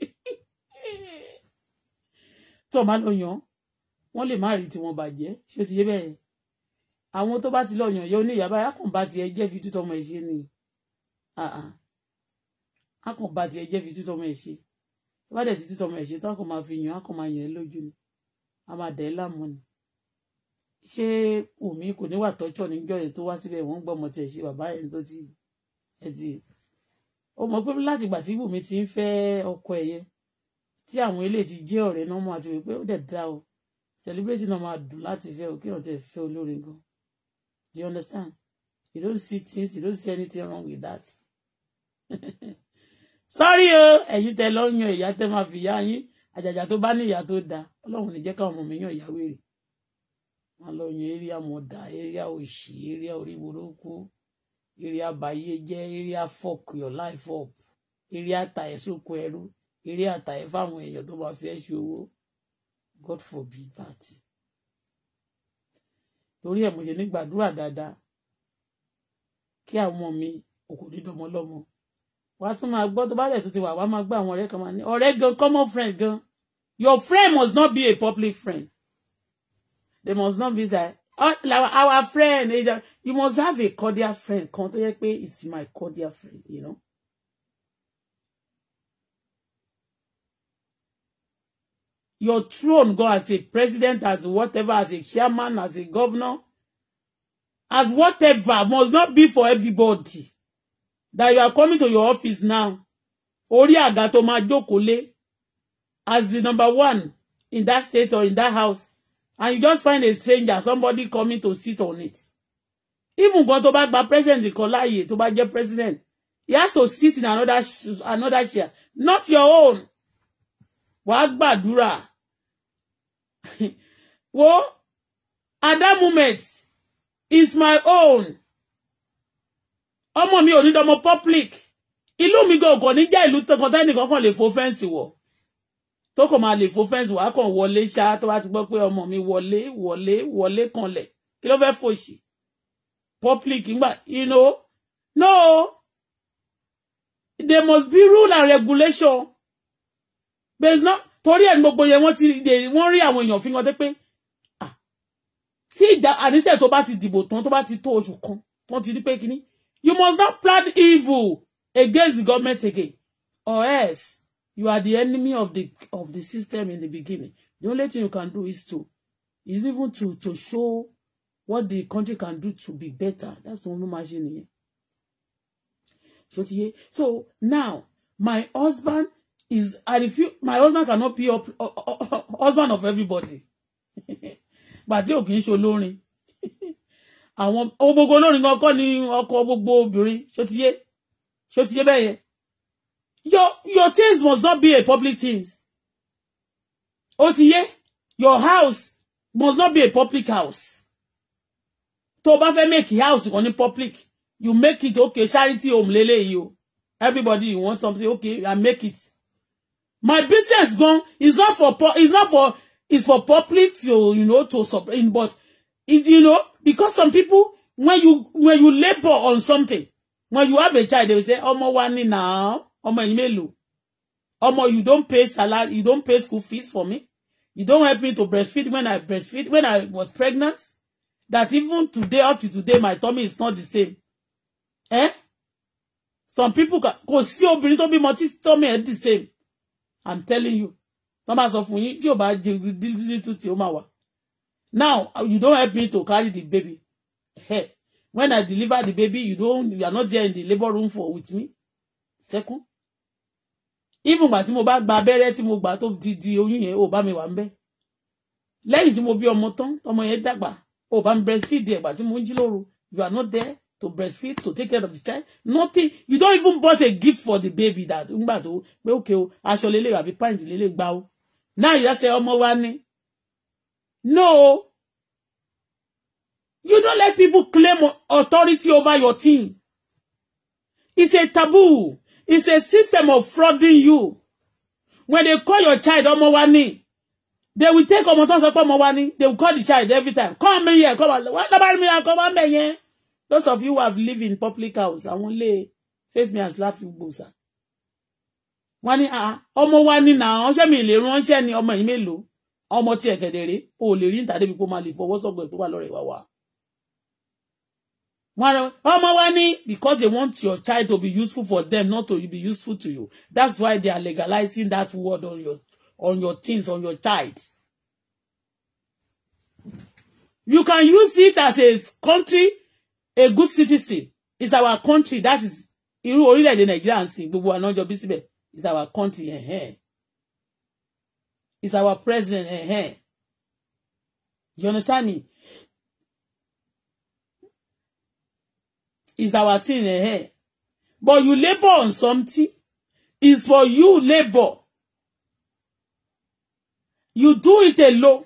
tó máa lọ yan wọ́n lè má rí tiwọn bàjẹ́ ṣé ti yé bẹ́ẹ̀ àwọn tó bá ti lọ yàn yọ ní ìyàbá akànbá tiẹ̀ jẹ́ fi tútọ́ ọmọ ẹ̀ ṣe ni akànbá ah, ah. tiẹ̀ jẹ́ fi tútọ́ ọmọ ẹ̀ ṣe tó bá dẹ̀ ti tútọ́ ọmọ ẹ̀ ṣe tó akàn máa fi yàn akàn máa yàn ẹ́ lójú ni a máa dẹ̀ ẹ́ láàmú ni ṣé Wùmí kò ní wà tọ́jọ́ níjọ́ yẹn tó wá síbẹ̀ wọ́n ń gbọ́ ọmọ tiẹ̀ ṣe bàbá yẹn tó ti ẹ̀ ti ó mọ̀ pé láti ìgbà tí Wùmí ti ń fẹ́ ọkọ ẹ̀yẹ tí àwọn eléyìí ti jẹ́ ọ̀rẹ́ náà mọ́ àti wípé ó dẹ̀ dá o celebrate náà máa dùn láti fẹ́ o kí wọ́n fẹ́ olórin gan-an Do you understand? You don't see things, you don't see anything wrong with that. Sorry o, and you tell on ìyá You tell my ìyá yín, àjàjà tó bá ní ìyá tó dáa, Ọlọ́run ní jẹ́ káwọn ọmọ mi yan ìyá wèrè. Wọ́n lọ yan eré àmọ̀dà, eré òṣì, eré orí burúkú, eré àbáyé fuck your life up, eré àtàyè sóko ẹrú, eré àtàyè fáwọn èèyàn tó bá fẹ́ ṣe owó. God forbid that torí ẹ̀ mo ṣe ní gbàdúrà dáadáa kí àwọn ọmọ mi òkú dídọmọ lọ́mọ wàá tún máa gbọ́ tó bá dẹ̀ ti wà wàá máa gbọ́ àwọn ọ̀rẹ́ kan máa ní ọ̀rẹ́ gan common friend gan your friend must not be a public friend they must not be that oh, like our friend you must have a cordial friend kan tó yẹ pé is my cordial friend you know your throne, go as a president, as whatever, as a chairman, as a governor, as whatever, must not be for everybody. That you are coming to your office now. Orí àga tó máa as the number one in that state or in that house. And you just find a stranger, somebody coming to sit on it. Even go to bá gba president kan to tó bá president, he has to sit in another another chair, not your own. Wàá gbàdúrà. Well, at that moment it's my own ọmọ mi ò ní dọmọ public ìlú mi go ògàn níjà ìlú tọkàn tẹnìkan kan lè fo le wọ̀ tó kàn máa lè fo fẹ́ǹsì wọ̀ á kàn wọlé ṣá tó bá ti gbọ́ pé ọmọ mi wọlé wọlé wọlé kanlẹ̀ kí ló fẹ́ fòṣì public you know no there must be rule and regulation but it's not torí ẹ̀ gbogbo yẹn wọ́n ti wọ́n rí àwọn èèyàn fi hàn dé pé tí ìjà àníṣe tó bá ti dìbò tán tó bá ti tó oṣù kan wọ́n ti ní pé kínní you must not plan evil against the government again or else you are the enemy of the of the system in the beginning the only thing you can do is to is even to to show what the country can do to be better that's the only machine yẹn so now my husband is I refuse my husband cannot be up, uh uh, uh, uh, husband of everybody gbàdé ò kì í ṣe olórin àwọn gbogbo olórin ọkọ ni ọkọ gbogbo obìnrin ṣótiyé ṣótiyé bẹ́ẹ̀ yẹn your your things must not be a public things ó ti yé your house must not be a public house tó o bá fẹ́ make house kan ní public you make it okay charity home lélẹ́yìí o everybody you want something okay I make it My business gone is not for it's not for it's for public to you know to support but it, you know because some people when you when you labor on something when you have a child they will say ọmọ wa ni now ọmọ yìí mélòó ọmọ you don't pay salary you don't pay school fees for me you don't help me to breastfeed when I breastfeed when I was pregnant that even today up to today my tummy is not the same eh some people kò sí obìnrin tó bímọ tí tummy ẹ the same i'm telling you tó bá sọ fún yín tí ò bá jẹ dídítú tí ó máa wà now you don't help me to carry the baby hey, when i deliver the baby you don't you are not there in the labour room for with me second even gbà tí mo bá gba abẹ́rẹ́ tí mo gbà tó di di oyún yẹn ò bá mi wà ń bẹ̀ lẹ́yìn tí mo bí ọmọ tán tọmọ yẹn dàgbà ò bá mi breastfeed ẹ̀ gbà tí mo ń jí lóru you are not there to breastfeed to take care of the child nothing you don't even bought a gift for the baby that ngba tó pé okay o aṣọ lele àbí pant lele gbà now you just say ọmọ wa no you don't let people claim authority over your thing it's a taboo it's a system of frauding you when they call your child ọmọ wa they will take ọmọ tó sọ pé they will call the child every time come here come on What about me? Come on, àkọ́wọ́ mẹ́yẹn. Those of you who have lived in public house, àwọn lè face me as laughing gbòòsà. Wọ́n ní ah, ọmọ wa ní nà ránṣẹ́ mi lè ránṣẹ́ ni ọmọ yìí mélòó. Ọmọ tí ẹ̀kẹ̀dẹ̀ rèé, o lè rí níta débi pé o máa lè fọwọ́ sọ̀gbọ̀n tó wà lọ́rẹ̀ wá wá. Ọmọ because they want your child to be useful for them not to be useful to you. That's why they are legalizing that word on your on your things on your child. You can use it as a country a good citizen is our country that is irú orílẹ̀-èdè nàìjíríà ń sìn gbogbo ànájọ bí síbẹ̀ is our country ẹ̀hẹ́n is our president ẹ̀hẹ́n you understand me is our thing ẹ̀hẹ́n but you labour on something is for you labour you do it alone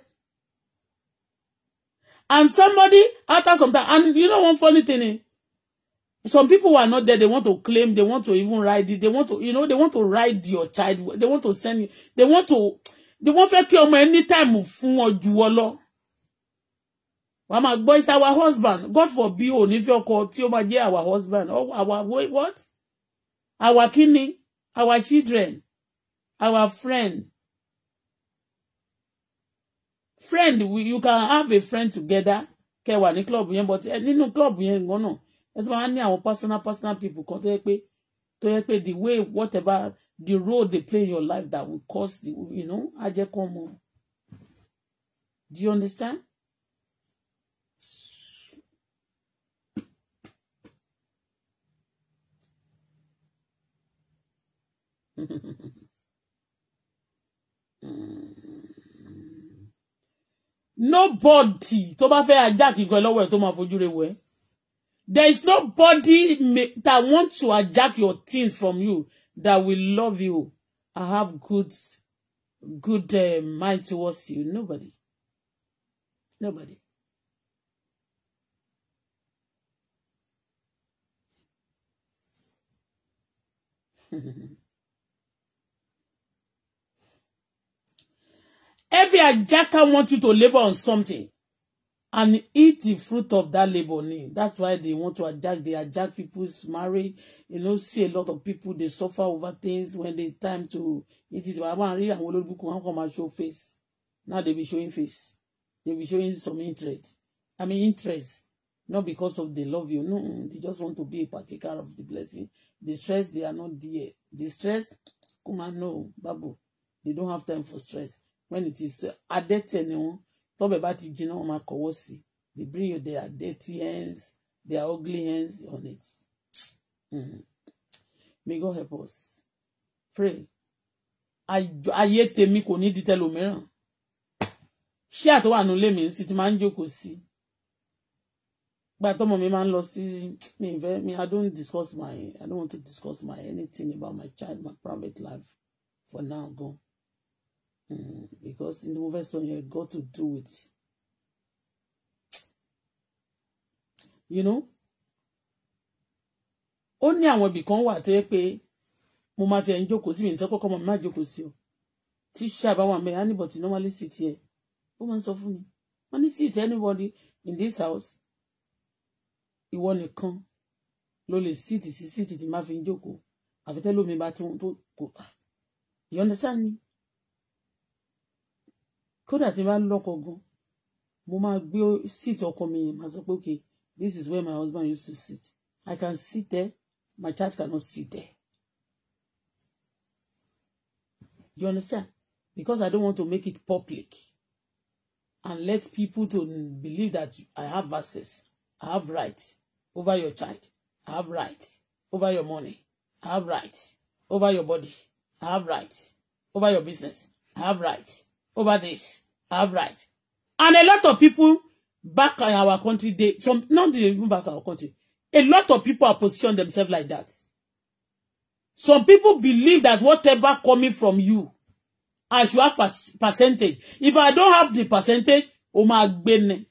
And somebody, after some time, and you know one funny thing, eh? some people who are not there, they want to claim, they want to even write it, they want to, you know, they want to write your child, they want to send you, they want to, they want to kill me anytime fún ọ ju ọ lọ. Wàá máa is our husband, God forbid ò ní fi ọkọ tí ó máa jẹ́ our husband, or oh, our, wait, what? Our kini, our children, our friend, friend we you can have a friend together kẹ wà ní club yẹn but eh, nínú club yẹn gan náà ẹ ti máa ní àwọn personal personal people kan tó yẹ pé tó yẹ pé the way whatever the role they play in your life that will cause the you know ajẹ do you understand. mm. nobody tó bá fẹ́ ajack nǹkan lọ́wọ́ ẹ̀ tó máa fojú rewu ẹ̀ there is nobody that want to ajack your things from you that will love you and have good good uh, mind towards you nobody nobody. Every ajaka wants you to labor on something and eat the fruit of that labor. That's why they want to ajak. They ajak people's marriage. You know, see a lot of people, they suffer over things when they time to eat it. and show face. Now they be showing face. They be showing some interest. I mean, interest. Not because of they love you. No, they just want to be a partaker of the blessing. The stress, they are not there. The stress, come on, no, babu. They don't have time for stress when it is adẹ́tẹ̀ ni wọ́n tọ́bẹ̀ bá ti jiná wọ́n máa kọ̀wọ́ sí they bring you their dirty hands their ugly hands on it mm. may God help us pray ayé tèmi kò ní di tẹlòmíràn ṣé àtọwà nù lèmi sí ti máa ń jókòó sí gba tọmọ mi máa ń lọ mi ìfẹ́ mi I don't discuss my I don't want to discuss my anything about my child my private life for now gan Eh, because in the movie song you got to do it you know ó ní àwọn ibì kan wà tó yẹ pé mo máa ti ẹ̀ ń jókòó sí mi ní sọ́kọ́kọ́ mo máa jókòó sí o tíṣà bá wà mẹ́rin anybody normally sit here ó máa ń sọ fún mi wọ́n ní sit anybody in this house ìwọ nìkan ló lè sit sí sit tí máa fi ń jókòó àfitẹ́lómi bá tó kò ah, you understand me kódà tí bá lọ́kọ gan mo máa gbé seat ọkọ mi yẹn máa sọ pé okay this is where my husband used to sit I can sit there my child cannot sit there you understand because I don't want to make it public and let people to believe that I have access I have right over your child I have right over your money I have right over your body I have right over your business I have right over this. I right. And a lot of people back in our country, they some not even back our country. A lot of people are positioned themselves like that. Some people believe that whatever coming from you, as you have percentage. If I don't have the percentage, o ma gbé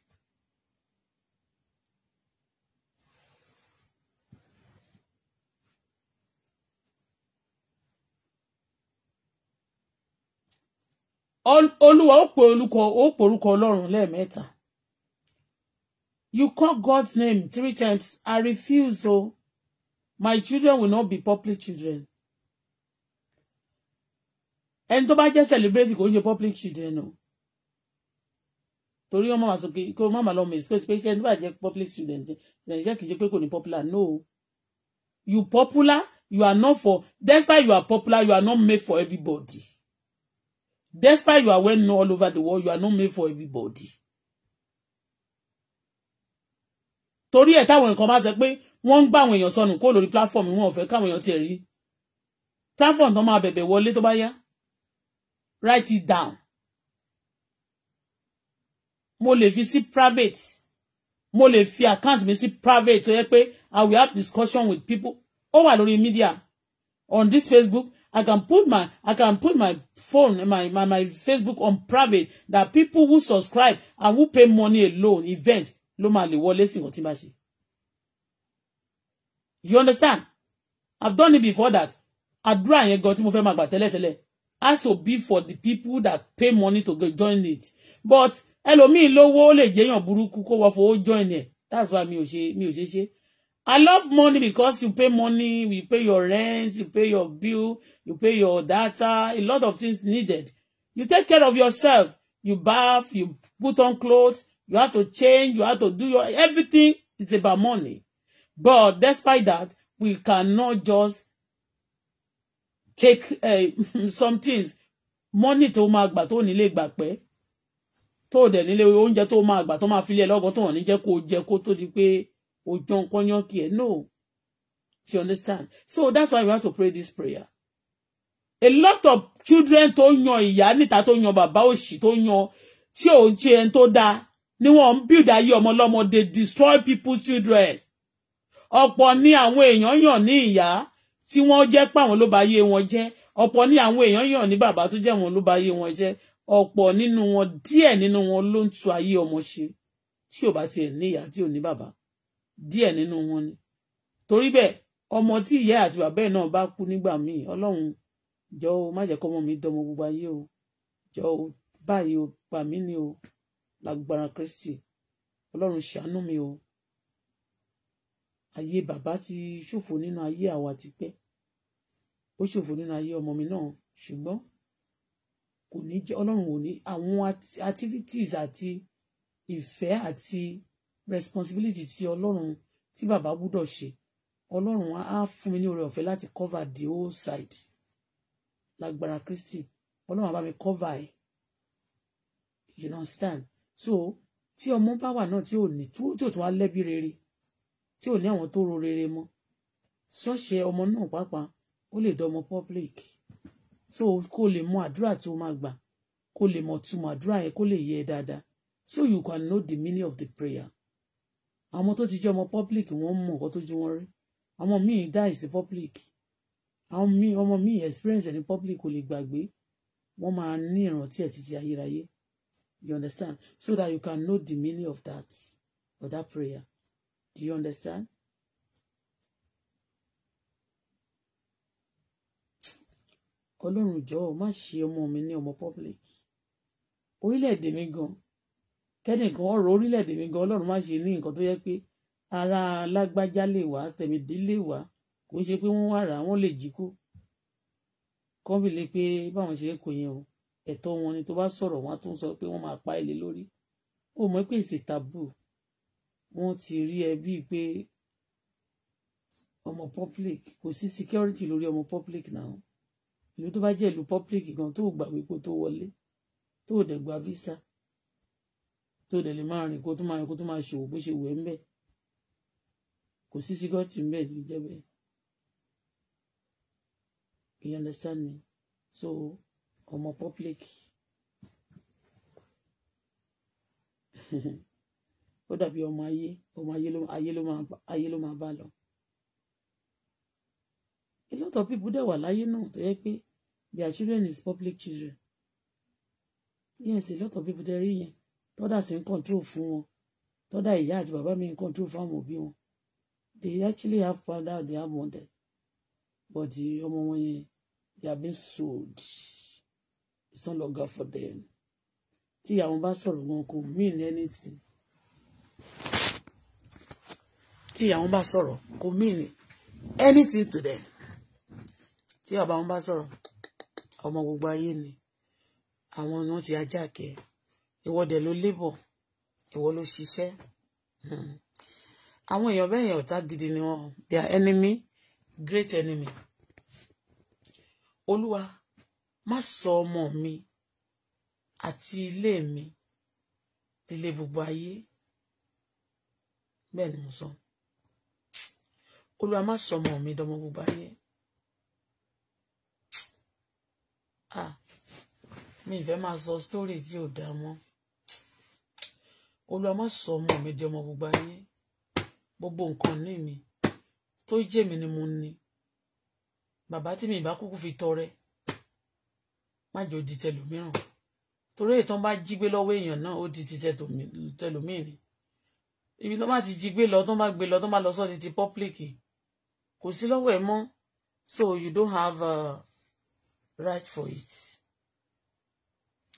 olúwa ó pè olùkọ ó porúkọ ọlọ́run lẹ́ẹ̀mẹ́ta you call God's name three times I refuse o oh. my children will not be public children ẹni tó bá jẹ́ celebrate kò ń ṣe public children o oh. torí ọmọ màá sọ pé kó má màá lọ mọ̀ èsì pé ẹni tó bá jẹ́ public student nàìjíríà kì í ṣe pé kò ní popular no you popular you are not for despite you are popular you are not made for everybody. Despite you are well known all over the world, you are not made for everybody. Torí ẹ̀ táwọn nǹkan bá sọ pé wọ́n ń gbà àwọn èèyàn sọnù kó lórí platform wọn ò fẹ́ káwọn èèyàn tiẹ̀ rí. Platform tó máa bẹ̀bẹ̀ wọlé tó bá yá. Write it down. Mo lè fi sí private. Mo lè fi account mi sí private tó yẹ pé I will have discussion with people. Ó wà lórí media on this Facebook I can put my I can put my phone my my, my Facebook on private that people who subscribe and who pay money alone event normally máa lè wọlé You understand? I've done it before that. Àdúrà yẹn gan tí mo fẹ́ máa gbà tẹ́lẹ̀tẹ́lẹ̀ has to be for the people that pay money to go join it. But hello me low lè jẹ́yàn burúkú kó wọ́n fowó join ẹ̀. That's why me ò ṣe mi ò ṣe ṣe. I love money because you pay money, you pay your rent, you pay your bill, you pay your data, a lot of things needed. You take care of yourself. You bath, you put on clothes, you have to change, you have to do your everything is about money. But despite that, we cannot just take uh, some things. Money to mark, but only nílé back pẹ́ tó dẹ̀ nílé oúnjẹ tó máa gbà tó máa fi lé ẹ lọ́gọ́ tó hàn ní jẹ́ kó jẹ kó Ojon konyokie. Eh, no. Do you understand? So that's why we have to pray this prayer. A lot of children tó yan ìyá níta tó yan bàbá òṣì tó yan tí ò ń ṣe ẹni tó dáa ni wọ́n ń build ayé ọmọ ọlọ́mọ they destroy people children. Ọ̀pọ̀ ni àwọn èèyàn yàn ní ìyá tí wọ́n jẹ́ páwọn ló bá yé wọn jẹ́. Ọ̀pọ̀ ni àwọn èèyàn yàn ní bàbá tó jẹ́ wọn ló bá yé wọn jẹ́. Ọ̀pọ̀ nínú wọn díẹ̀ nínú wọn ló ń tu ayé ọmọ ṣe tí ò bá tiẹ̀ ní ìyá tí ò ní bàbá díẹ̀ nínú wọn ni torí bẹ́ẹ̀ ọmọ tí ìyá àti bàbá ẹ̀ náà bá kú nígbà míì ọlọ́run jọ o má jẹ́ kọ́mọ mi dọmọ gbogbo ayé o jọ o báyìí o gbà mí ni o lágbára Kristi ọlọ́run ṣàánú mi o ayé bàbá ti ṣòfò nínú ayé àwa ti pẹ́ ó ṣòfò nínú ayé ọmọ mi náà ṣùgbọ́n kò ní jẹ́ ọlọ́run ò ní àwọn activities àti ìfẹ́ àti responsibility tí ọlọ́run tí bàbá gbúdọ̀ ṣe ọlọ́run á fún mi ní oore ọ̀fẹ́ láti cover the whole side lágbára Kristi ọlọ́run á bá mi cover ẹ̀ you understand so tí ọmọ bá wà náà tí ò ní tí ò tún wá lẹ́bí rere tí ò ní àwọn tó ro rere mọ́ sọ́ọ̀ṣẹ́ ọmọ náà pàápàá ó lè dọ́mọ public so kó lè mọ àdúrà tó máa gbà kó lè mọ túmọ̀ àdúrà yẹn kó lè yé dáadáa so you can know the meaning of the prayer àwọn tó ti jẹ́ ọmọ public wọ́n mọ̀ nǹkan tó ju wọn rí àwọn míì die sí public àwọn míì ọmọ míì experience ní public kò lè gbàgbé wọ́n máa ní ìrántí ẹ̀ títí ayérayé you understand so that you can know the meaning of that of that prayer do you understand. ọlọ́run jọ̀ọ́ má ṣe ọmọ mi ní ọmọ public orílẹ̀-èdè mi gan-an kẹ́nìkan ọ̀rọ̀ orílẹ̀-èdè mi gan ọlọ́run má ṣe ní nǹkan tó yẹ pé ara lágbájá lè wá tẹ̀mídé lè wá kò ń ṣe pé wọ́n wà rà wọ́n lè jí kú kán bí le pé báwọn ṣe ń kó yẹn o ẹ̀tọ́ wọn ni tó bá sọ̀rọ̀ wọn á tún sọ pé wọ́n máa pa ilé lórí ó mọ̀ pé ìṣe tàbù wọ́n ti rí ẹ bíi pé ọmọ public kò sí security lórí ọmọ public náà ìlú tó bá jẹ́ ìlú public gan tó gbàgbé kó tó wọlé tó dẹ̀ gba visa tó dẹ̀ lè máa rìn kó tó máa rìn kó tó máa ṣòwò bó ṣe wù ẹ́ ń bẹ̀ kò sí sígọ́tì ń bẹ̀ ní ìjẹ́bẹ̀ you understand me so ọmọ public ó dàbí ọmọ ayé ọmọ ayé ló máa bá lọ a lot of people dẹ̀ wà láyé náà tó yẹ pé their children is public children yes a lot of people dẹ̀ rí yẹn tọ́dà sì ń control fún wọn tọ́dà ìyá àti bàbá mi ń control fún àwọn òbí wọn they actually have father they have mother but ọmọ wọn yẹn they have been sold it's not longer for them tí àwọn bá sọ̀rọ̀ wọn kò mean anything tí àwọn bá sọ̀rọ̀ kò mean anything to them tí àbá wọn bá sọ̀rọ̀ ọmọ gbogbo ayé ni àwọn ni wọ́n ti ajá kẹ́ẹ́ ìwọ dẹ̀ ló labour ìwọ ló ṣiṣẹ́ hmm. àwọn èèyàn bẹ́ẹ̀ yẹn ọ̀tá gidi ni wọ́n their enemy great enemy olúwa má sọ ọmọ mi àti ilé mi délé gbogbo ayé bẹ́ẹ̀ ni mo sọ olúwa má sọ ọmọ mi dọmọ gbogbo ayé ah mi ìfẹ́ máa sọ sítórì tí ò dá mọ́ olúwa má sọ ọmọ mi di ọmọ gbogbo ayé gbogbo nǹkan ní mi tó jẹ́ mi ni mo ní bàbá tí mi ìbá kúkú fi tọrẹ má jò di tẹlòmíràn torí ìtàn bá jí gbé lọ́wọ́ èèyàn náà ó di ti tẹlòmíì ni ibi tó bá ti jí gbé lọ tó bá gbé lọ tó bá lọ sọ ti ti kò sí lọ́wọ́ ẹ̀ mọ́ so you don't have a uh, right for it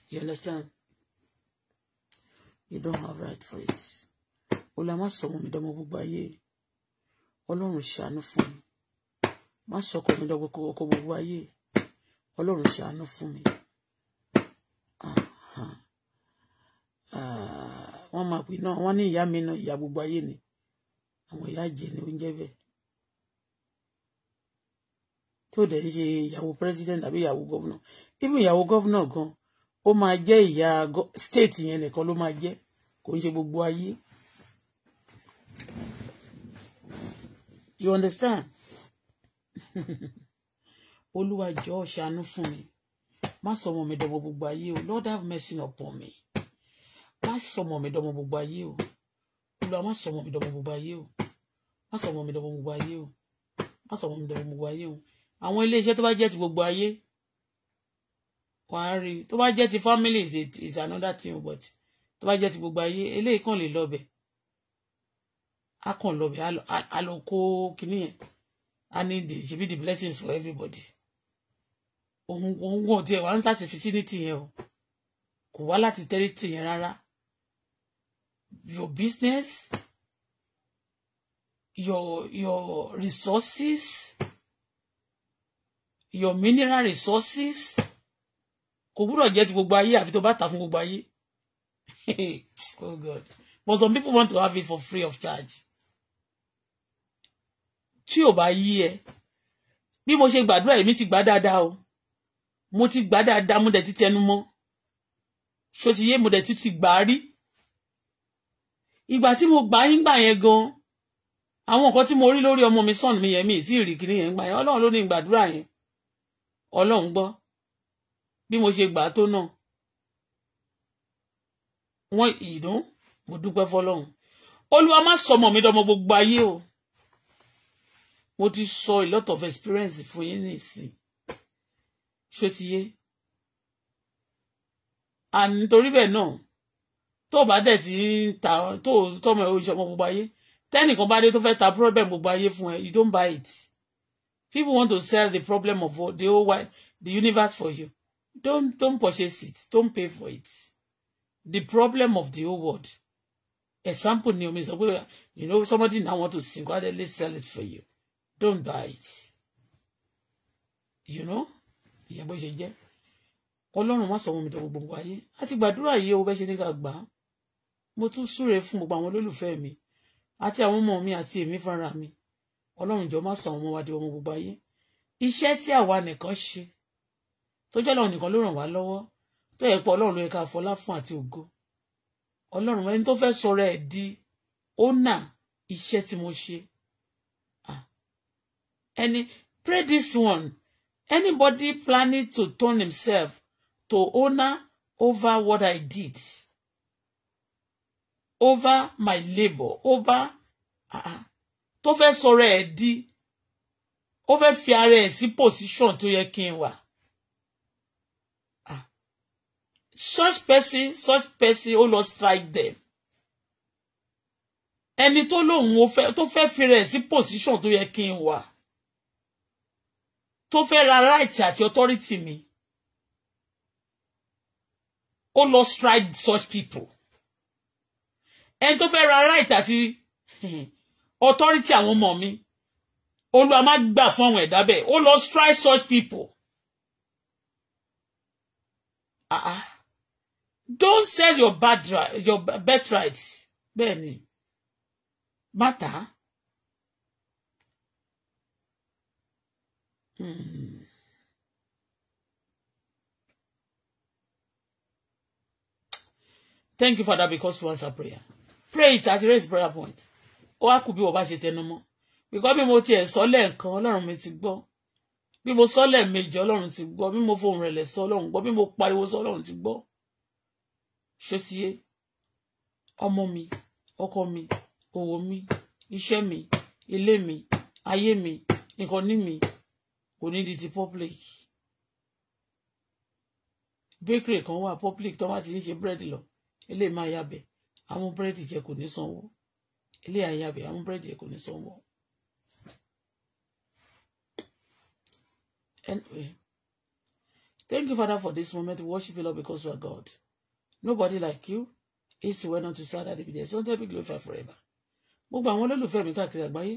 you understand you don't have right for it o la má sọ mi dọmọ gbogbo ayé ọlọ́run ṣàánú fún mi má sọkọ mi dọmọ ọkọ gbogbo ayé ọlọ́run ṣàánú fún mi ah, wọ́n máa pè náà wọ́n ní ìyá mi náà ìyá gbogbo ayé ni àwọn ìyá jẹ ní oúnjẹ bẹ́ẹ̀ tí ó dẹ̀ ń ṣe ìyàwó president àbí ìyàwó governor even ìyàwó governor gan-an ó máa jẹ́ ìyá state yẹn nìkan ló máa jẹ́ kò ń ṣe gbogbo ayé you understand olúwa jọ̀ọ́ ṣàánú fún mi má sọ ọmọ mi dọmọ gbogbo ayé o lord have mercy upon me má sọ ọmọ mi dọmọ gbogbo ayé o olúwa má sọ ọmọ mi dọmọ gbogbo ayé o má sọ ọmọ mi dọmọ gbogbo ayé o má sọ ọmọ mi dọmọ gbogbo ayé o àwọn iléeṣẹ́ tó bá jẹ́ ti gbogbo ayé wà á rí tó bá jẹ́ ti family is, it, is another thing but tó bá jẹ́ ti gbogbo ayé eléyìí kàn lè lọ́bẹ̀ á kàn lọ́bẹ̀ á lọ kó kinní yẹn á ní the she be the blessings for everybody òun òun kò tiẹ̀ wá ń láti fi sí ní tìyẹn o kò wá láti tẹ́rí tìyẹn rárá your business your your resources your mineral resources kò gbúdọ̀ jẹ́ ti gbogbo ayé àfi tó bá tà fún gbogbo ayé oh god but some people want to have it for free of charge tí ò bá yí ẹ bí mo ṣe gbàdúrà èmi ti gbà dáadáa o mo ti gbà dáadáa mo dẹ̀ ti tẹnu mọ́ ṣó ti yé mo dẹ̀ ti ti gbà á rí ìgbà tí mo gbà yín gbà yẹn gan àwọn nǹkan tí mo rí lórí ọmọ mi sàn mi yẹn mi ì tí ì rí kiri yẹn gbà yẹn ọlọ́run ló ní gbàdúrà yẹn ọlọ́run gbọ́ bí mo ṣe gbà tó náà wọn ìdán mo dúpẹ́ fọ́lọ́run olúwa má sọmọ mi dọmọ gbogbo ayé o mo ti sọ a lot of experience fún yín nìsín ṣó ti yé and nítorí bẹ́ẹ̀ náà tó bá dẹ̀ ti ń ta tó tọmọ ẹ̀ oṣù ọmọ gbogbo ayé tẹ́nìkan bá dé tó fẹ́ ta problem gbogbo ayé fún ẹ you don't buy it people want to sell the problem of the whole wide the universe for you Don't don't purchase it. Don't pay for it. The problem of the whole world. Example new means sọ pé you know somebody now want to single-handedly sell it for you. Don't buy it. You know? yeah. Boy, ṣe jẹ́. Ọlọ́run má sọ wọn mi tó gbogbo nǹkan ayé. A ti gbàdúrà yìí o bẹ́ẹ̀ ṣe ní ká gbà á. Mo tún súre fún gbogbo àwọn olólùfẹ́ mi àti àwọn ọmọ mi àti èmi fúnra mi. Ọlọ́run jọ má sọ àwọn wa di ọmọ gbogbo ayé. Iṣẹ́ tí àwa nìkan ṣe tó jẹ́ lọ́run nìkan ló ràn wá lọ́wọ́ tó yẹ pé ọlọ́run yẹ ká fọlá fún àti ògo ọlọ́run ẹni tó fẹ́ sọ̀rọ̀ ẹ̀ di ọ́nà iṣẹ́ tí mo ṣe ẹni pray this one anybody planning to turn himself to owner over what I did over my labour over uh, tó fẹ́ sọ̀rọ̀ ẹ̀ di ó fẹ́ fi ara ẹ̀ sí position tó yẹ kí n wà. such person such person ó lọ strike them ẹni tó lóun ó fẹ́ tó fẹ́ fi rẹ̀ sí position tó yẹ kí n wà tó fẹ́ ra right àti authority mi ó lọ strike such people ẹni tó fẹ́ ra right àti authority àwọn ọmọ mi olúwa má gbà fún àwọn ẹ̀dá bẹ́ẹ̀ ó lọ strike such people. Uh -uh don't sell your bad your birthright rights, Benny. Matter? Hmm. Thank you, Father, because you answer prayer. Pray it at the raise prayer point. Ó wá kù bí wọ́n bá ṣe tẹnu mọ́. Bíkọ́ bí mo tiẹ̀ sọ lẹ́ẹ̀kan, Ọlọ́run mi ti gbọ́. Bí mo sọ lẹ́ẹ̀mejì, Ọlọ́run ti gbọ́. Bí mo fohùn rẹ̀lẹ̀ sọ, Ọlọ́run gbọ́. Bí mo pariwo sọ, Ọlọ́run ti gbọ́ ṣótíyé ọmọ mi ọkọ mi òwò mi iṣẹ́ mi ilé mi ayé mi nǹkan mi kò ní di ti public bakery kan wà public tó bá ti ń ṣe búrẹ́dì lọ ilé máa yàbẹ̀ àwọn búrẹ́dì jẹ kò ní sanwó ilé àyàbẹ̀ àwọn búrẹ́dì jẹ kò ní sanwó. Anyway, thank you, Father, for this moment. We worship you, Lord, because you are God nobody like you is well known to sad that be there is something big glorified forever gbogbo àwọn olólùfẹ́ mi káàkiri àgbáyé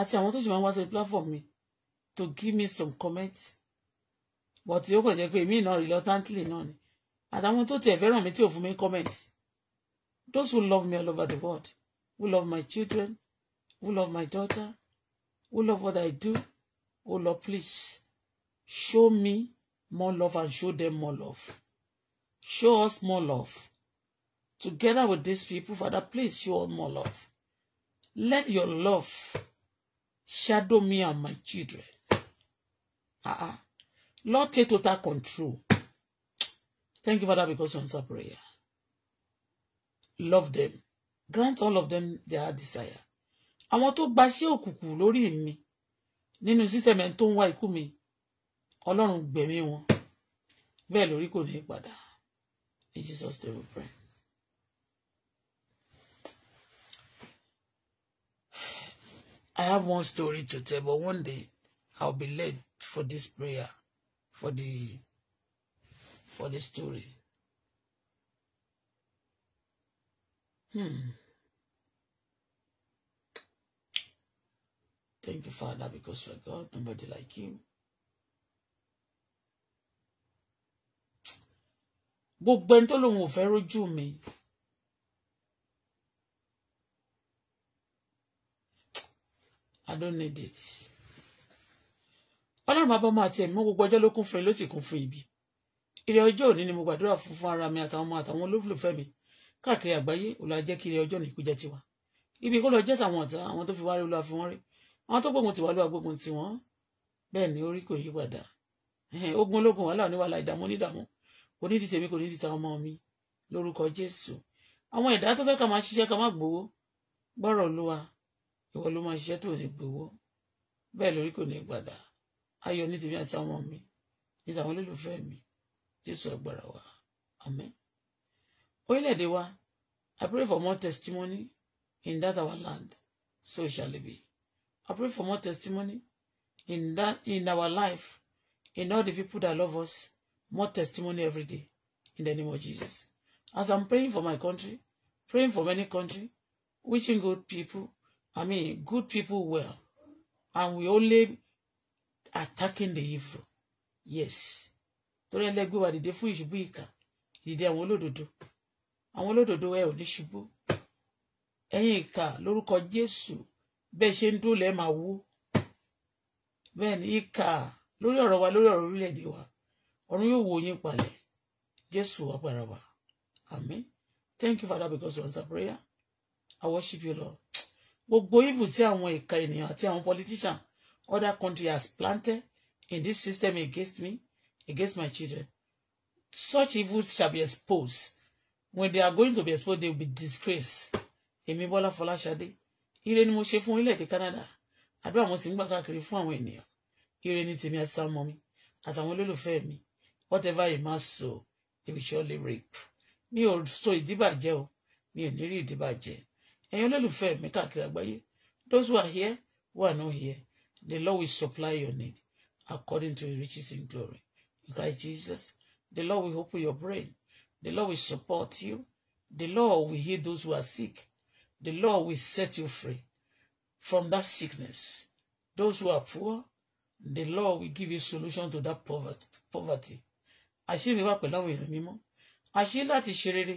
àti àwọn tó sì máa ń wá sí platform mi to give me some comments but ó kàn jẹ́ pé èmi náà reluctantly náà ni àtàwọn tó tiẹ̀ fẹ́ràn mi tí ò fún mi comments those who love me all over the world who love my children who love my daughter who love what I do oh Lord please show me more love and show them more love. Show us more love. Together with these people, Father, please show us more love. Let your love shadow me and my children. Uh-uh. Lord, take total control. Thank you, Father, because you answer prayer. Love them. Grant all of them their desire. Àwọn tó gbaṣẹ́ òkùnkùn lórí mi ninu sísẹ̀mẹ̀ tó ń wá ikú mi, Ọlọ́run gbẹ̀mí wọn. Bẹ́ẹ̀ lórí kò ní í padà. In Jesus' name we pray. I have one story to tell, but one day I'll be late for this prayer, for the for the story. Hmm. Thank you, Father, because you're God, nobody like you. gbogbo ẹni tó lòun ò fẹ́ rójú mi I don't need it ọlọ́run bàbá ọmọ àti ẹ̀mí mọ́ gbogbo ọjọ́ ló kún fún ẹ ló sì kún fún ibi ire ọjọ́ òní ni mo gbàdúrà fún fún ara mi àtàwọn ọmọ àtàwọn olólùfẹ́ mi káàkiri àgbáyé olú ajẹ́ ọjọ́ òní kú tiwa ibi kó lọ jẹ́ tàwọn ọ̀tá àwọn tó fi wá rí olú àfi wọ́n rí àwọn tó gbógun tiwa ló wá gbógun tiwọn bẹ́ẹ̀ ni orí kò yí padà ogun ológun wàhálà oníwàhálà ìdààmú onídààmú kò ní di tèmi kò ní di ta ọmọ mi lórúkọ jésù àwọn ẹ̀dá tó fẹ́ ká máa ṣiṣẹ́ ká má gbowó gbọ́rọ̀ olúwa ìwọ ló máa ṣiṣẹ́ tó ní gbowó bẹ́ẹ̀ lórí kò ní gbàdá ayọ̀ ní tèmi àti ọmọ mi ní tàwọn olólùfẹ́ mi jésù agbára wa amen orílẹ̀-èdè wa I pray for more testimony in that our land so shall it be I pray for more testimony in that in our life in all the people that love us More testimony every day in the name of Jesus. As I'm praying for my country, praying for many country, wishing good people, I mean good people well, and we only attacking the evil. Yes. Torí ẹlẹ́gbẹ́ wa dìde fún ìṣubú ìkà, dìde àwọn olódodo. Àwọn olódodo ẹ ò ní ṣubú. Ẹ̀yin ìkà lórúkọ Jésù bẹ́ẹ̀ ṣe ń dúró lẹ́ẹ̀ máa wó. Bẹ́ẹ̀ni ìkà lórí ọ̀rọ̀ wa lórí ọ̀rọ̀ orílẹ̀-èdè wa ọ̀run yóò wo yín palẹ̀ jésù agbára wa thank you father because you answer prayer i worship you lord gbogbo evil tí àwọn ìka ènìyàn àti àwọn politician other country has planted in this system against me against my children such evils shall be exposed when they are going to be exposed they will be disgraced èmi bọ́lá fọláṣadé ire ni mo ṣe fún orílẹ̀-èdè canada àdúrà mo sì ń gbà káàkiri fún àwọn ènìyàn ire ni tèmi àti sàmọ́ mi àtàwọn olólùfẹ́ mi whatever you must sow he will surely reap mi ò so ìdíbàjẹ́ o mi ò ní rí ìdíbàjẹ́ ẹ̀yin olólùfẹ́ mi káàkiri àgbáyé those who are here who are not here the Lord will supply your need according to his riches in glory in Christ Jesus the Lord will open your brain the Lord will support you the Lord will heal those who are sick the Lord will set you free from that sickness those who are poor the Lord will give you solution to that poverty àṣírí mi wà pẹ̀lú àwọn èèyàn mímọ́ àṣírí láti ṣe rere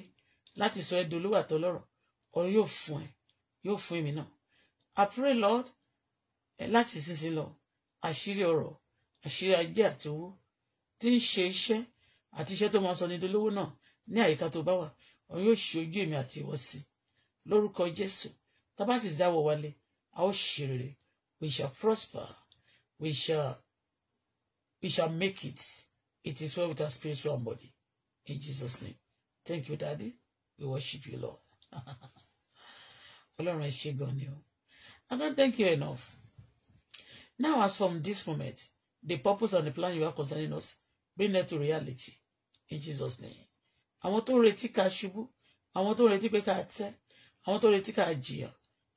láti sọ ẹ́ dolówó àtọlọ́rọ̀ ọ̀run yóò fún ẹ yóò fún èmi náà I pray Lord ẹ eh, láti sísin lọ àṣírí ọrọ̀ àṣírí ajé àti owó tí ń ṣe iṣẹ́ àti iṣẹ́ tó máa sọ ní dolówó náà ní àyíká tó bá wà ọ̀run yóò ṣe ojú èmi àti ìwọ sí lórúkọ Jésù tábà sì dáwọ́ wálé a ó ṣe rere we shall prosper we shall we shall make it. It is well with our spiritual body. In Jesus' name. Thank you, Daddy. We worship you, Lord. Ọlọ́run ẹ ṣé gan I don't thank you enough. Now, as from this moment, the purpose and the plan you have concerning us, bring that to reality. In Jesus' name. Àwọn tó retí ká ṣubú, àwọn tó retí pé ká tẹ́, àwọn tó retí ká jìyà,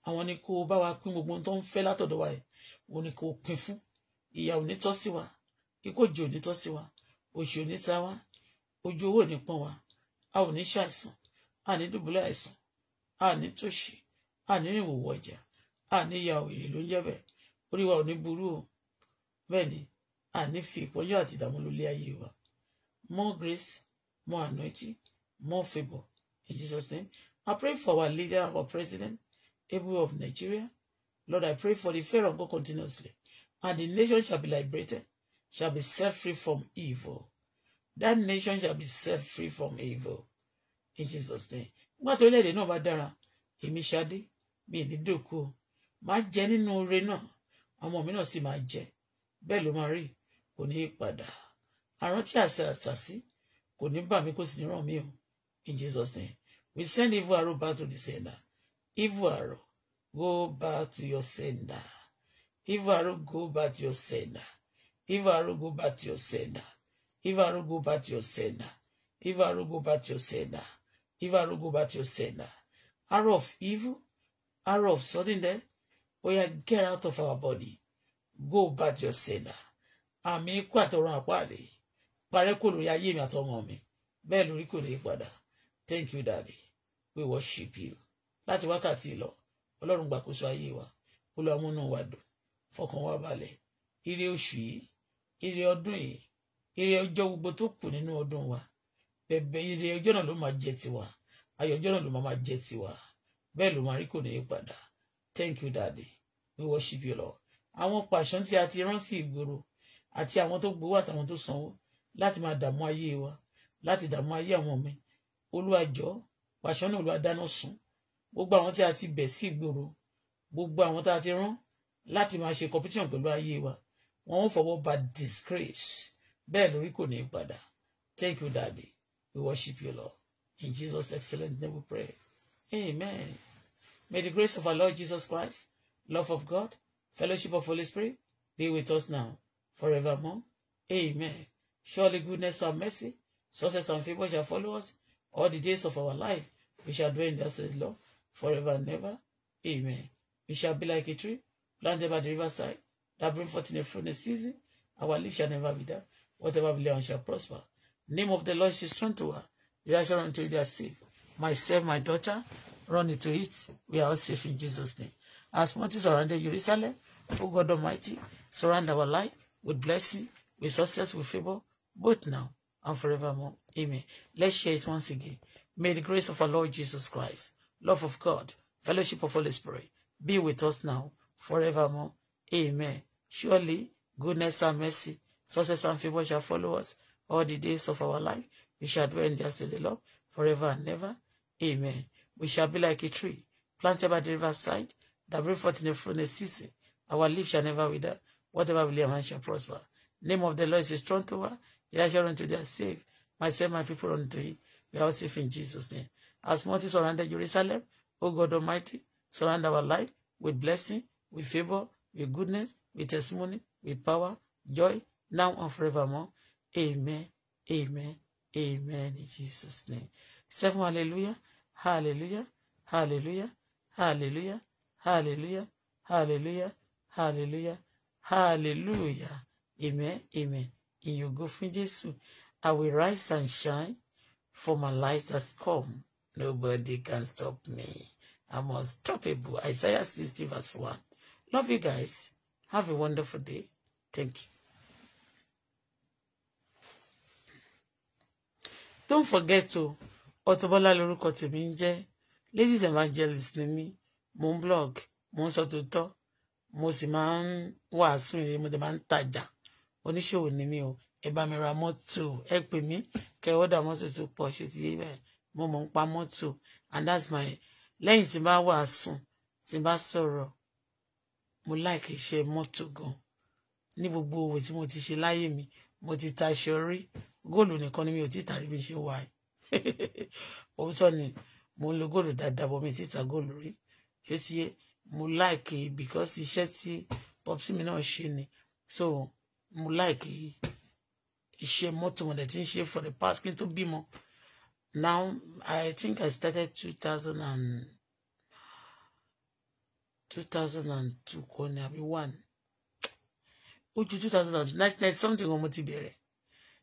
àwọn ni kó bá wa pín gbogbo ohun tó ń fẹ́ látọ̀dọ̀ wa yìí, wọ́n ni kó pín fún. Ìyà ò ní tọ́ sí wa, ikú òjì ò ní tọ́ wa òṣì òní wá ojú owó ní wa a ò ní ṣàìsàn a ní dùbúlẹ̀ àìsàn a ní tòṣì a ní ìwòwò ọjà a ní ya òwèrè ló ń jẹ́ bẹ́ẹ̀ orí wa ò ní burú o bẹ́ẹ̀ ni a ní fi ìpọ́njú àti ìdààmú lólé ayé wa more grace more anointing more favour in Jesus name I pray for our leader our president Ebu of Nigeria Lord I pray for the fear of God continuously and the nation shall be liberated shall be set free from evil. That nation shall be set free from evil. In Jesus' name. Nígbà tó lédè know about Dara, èmi ṣadé, me ní dòkó. Máa jẹ nínú oore náà, ọmọ mi no sì my jẹ. Bẹ́ẹ̀ Marie, máa rí, kò ní í padà. Àrùn tí àṣà àṣà In Jesus' name. We send evil arrow back to the sender. Evil arrow, go back to your sender. Evil arrow, go back to your sender. Ivaru, go back to your sender. Ivaru, go back to your sender. Ivaru, go back to your sender. Ivaru, go back your sender. Arrow of evil, arrow of sudden death, we are get out of our body. Go back to your sender. Àmì ikú àtọ̀run àpáàdé. Parẹ́ kò lórí ayé mi àtọmọ mi. Bẹ́ẹ̀ lórí kò Thank you, Daddy. We worship you. Láti wákàtí lọ, Ọlọ́run gbàkóso ayé wa. Olúwa múnú wa dùn. Fọkàn wa balẹ̀. Ire oṣù yìí. ire ọdún yìí ire ọjọ́ gbogbo tó kù nínú ọdún wa bẹ̀bẹ̀ ire ọjọ́ náà ló máa jẹ tiwa ayọ̀ ọjọ́ náà ló máa jẹ tiwa bẹ́ẹ̀ ló máa rí kò ní í padà thank you daddy we worship you lord àwọn pàṣán tí a ti rán sí ìgboro àti àwọn tó gbowó àtàwọn tó sanwó láti máa dààmú ayé wa láti dààmú ayé àwọn mi olúwàjọ pàṣán náà olúwa dáná sun gbogbo àwọn tí a ti bẹ̀ sí ìgboro gbogbo àwọn tá a ti rán láti máa ṣe competition pẹ̀lú ayé wa wọn ò fọwọ́ bà disgrace bẹ́ẹ̀ lórí kò ní padà thank you daddy we worship you lord in jesus excellent name we pray amen may the grace of our lord jesus christ love of god fellowship of holy spirit be with us now forevermore amen surely goodness and mercy success and favour shall follow us all the days of our life we shall dwell in the house of the lord forever and ever amen we shall be like a tree planted by the riverside that bring forth in a fruitful season. Our leaf shall never be down. Whatever we lay on shall prosper. Name of the Lord is strong to her. We are sure until you are safe. Myself, my daughter, run into it. We are all safe in Jesus' name. As much as surrounded Jerusalem, O God Almighty, surround our life with blessing, with success, with favor, both now and forevermore. Amen. Let's share it once again. May the grace of our Lord Jesus Christ, love of God, fellowship of Holy Spirit be with us now, forevermore. Amen. Surely goodness and mercy, success and favor shall follow us all the days of our life. We shall dwell in the house of the Lord forever and ever. Amen. We shall be like a tree planted by the riverside that bring forth in the fullness season. Our leaf shall never wither. Whatever we lay man shall prosper. Name of the Lord is a strong tower. He has shown unto their safe. Myself, my people unto to it. We are all safe in Jesus' name. As multi surrounded Jerusalem, O God Almighty, surround our life with blessing, with favor, with goodness, with testimony, with power, joy, now and forevermore. Amen. Amen. Amen. In Jesus' name. Seven hallelujah. Hallelujah. Hallelujah. Hallelujah. Hallelujah. Hallelujah. Hallelujah. Hallelujah. Amen. Amen. In your good friend Jesus. I will rise and shine, for my light has come. Nobody can stop me. I'm unstoppable. Isaiah 60 verse 1. Love you guys. Have a wonderful day. Thank you. Don't forget to Auto Bola lórúkọ ladies evangelist ni mí blog mo ń sọ tòótọ́ mo sì máa ń wàásù ìrìn mo dẹ̀ máa ń tajà oníṣòwò ni and that's my lẹ́yìn tí n bá wàásù mo like iṣẹ́ mọ́tò gan ní gbogbo òwò tí mo ti ṣe láyé mi mo ti taṣọ rí góòlù nìkan ni mi ò ti tà rí bí ṣe wà òótọ́ ni mo ń lo góòlù dáadáa bọ́ mi ti ta góòlù rí ṣé ti mo like e because iṣẹ́ tí popsi mi náà ṣe ni so mo like iṣẹ́ mọ́tò mo dẹ̀ ti ń ṣe for the past kí n tó bímọ now i think i started two thousand and two thousand and two kọ́ ni àbí one ó ju two thousand and ninety something ọmọ ti bẹ̀rẹ̀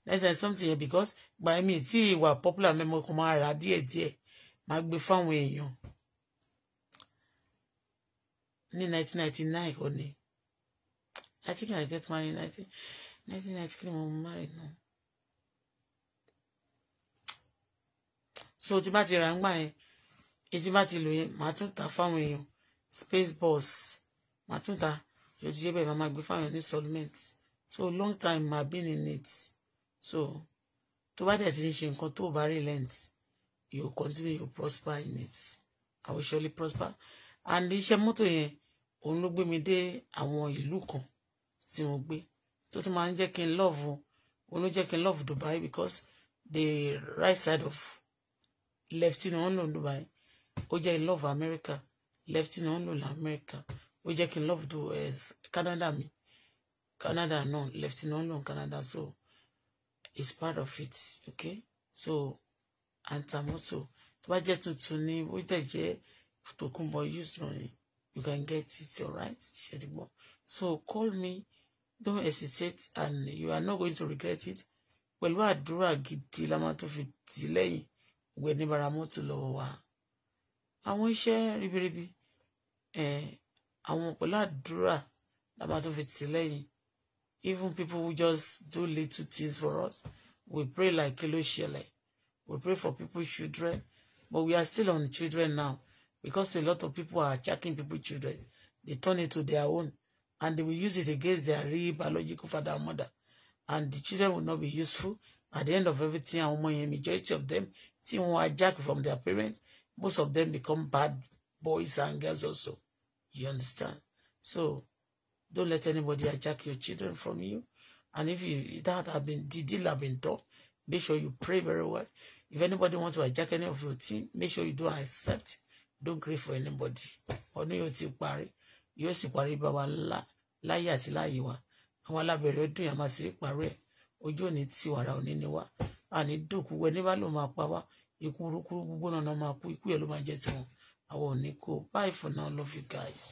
ninety something yẹn because gbàyẹ mi tí ìwà popular mẹ́mọ́ kan máa rà díẹ̀díẹ̀ máa gbé fáwọn èèyàn ní nineteen ninety nine kọ́ ni I think I get money. nineteen nineteen ninety three mo marry náà. so tí bá ti rà ń gbà yẹn ètí bá ti lò yẹn màá tún tà fáwọn èèyàn space boss màtúndà yóò ti yé bẹ́ẹ̀ máa gbé fáwọn ní solvent so long time ma been in it so tó bá dẹ̀ ti ń ṣe nǹkan tó bá relent you continue you prosper in it I will surely prosper and iṣẹ́ mọ́tò yẹn òun ló gbé mi dé àwọn ìlú kan tí mo gbé tó tún máa ń jẹ́ kí n love òun ló jẹ́ kí n love Dubai because the right side of left you know, on Dubai ó jẹ́ in love America left in ń America, lamẹ́ríkà ó jẹ́ love to as Canada me. Canada no left in ń lò Canada so it's part of it okay so and also. To antamoto tó bá jẹ́ tuntun ni ó to come by use náà ni you can get it alright ṣèdìgbọ́n so call me don't hesitate and you are not going to regret it pẹ̀lú àdúrà gidi la máa tó delay. We lẹ́yìn gbẹ̀dẹ̀bàrà mọ́tò lọ́wọ́ wa àwọn iṣẹ́ ribiribi ẹ àwọn pẹ̀lú àdúrà la máa tún fi tì lẹ́yìn even people who just do little things for us we pray like kí ló ṣẹlẹ̀ we pray for people children but we are still on children now because a lot of people are checking people children they turn it to their own and they will use it against their real biological father and mother and the children will not be useful at the end of everything àwọn ọmọ yẹn majority of them tí wọn hijack from their parents most of them become bad boys and girls also. You understand? So don't let anybody hijack your children from you. And if you that have been the deal have been taught, make sure you pray very well. If anybody wants to hijack any of your team, make sure you don't accept. Don't grieve for anybody. Ọdún yóò ti parí. Yóò sì parí bàbá ńlá láyé àti láyé wa. Àwọn alábẹ̀rẹ̀ ọdún yà máa sì parí ẹ̀. Ojú òní ti wàrà òní ni wá. Àní dùnkù wẹ ní bá ló máa pa wá ikú orúkúrú gbogbo náà máa kú ikú yẹn ló máa jẹ́ tiwọn àwọn ò ní kó bye for now love you guys.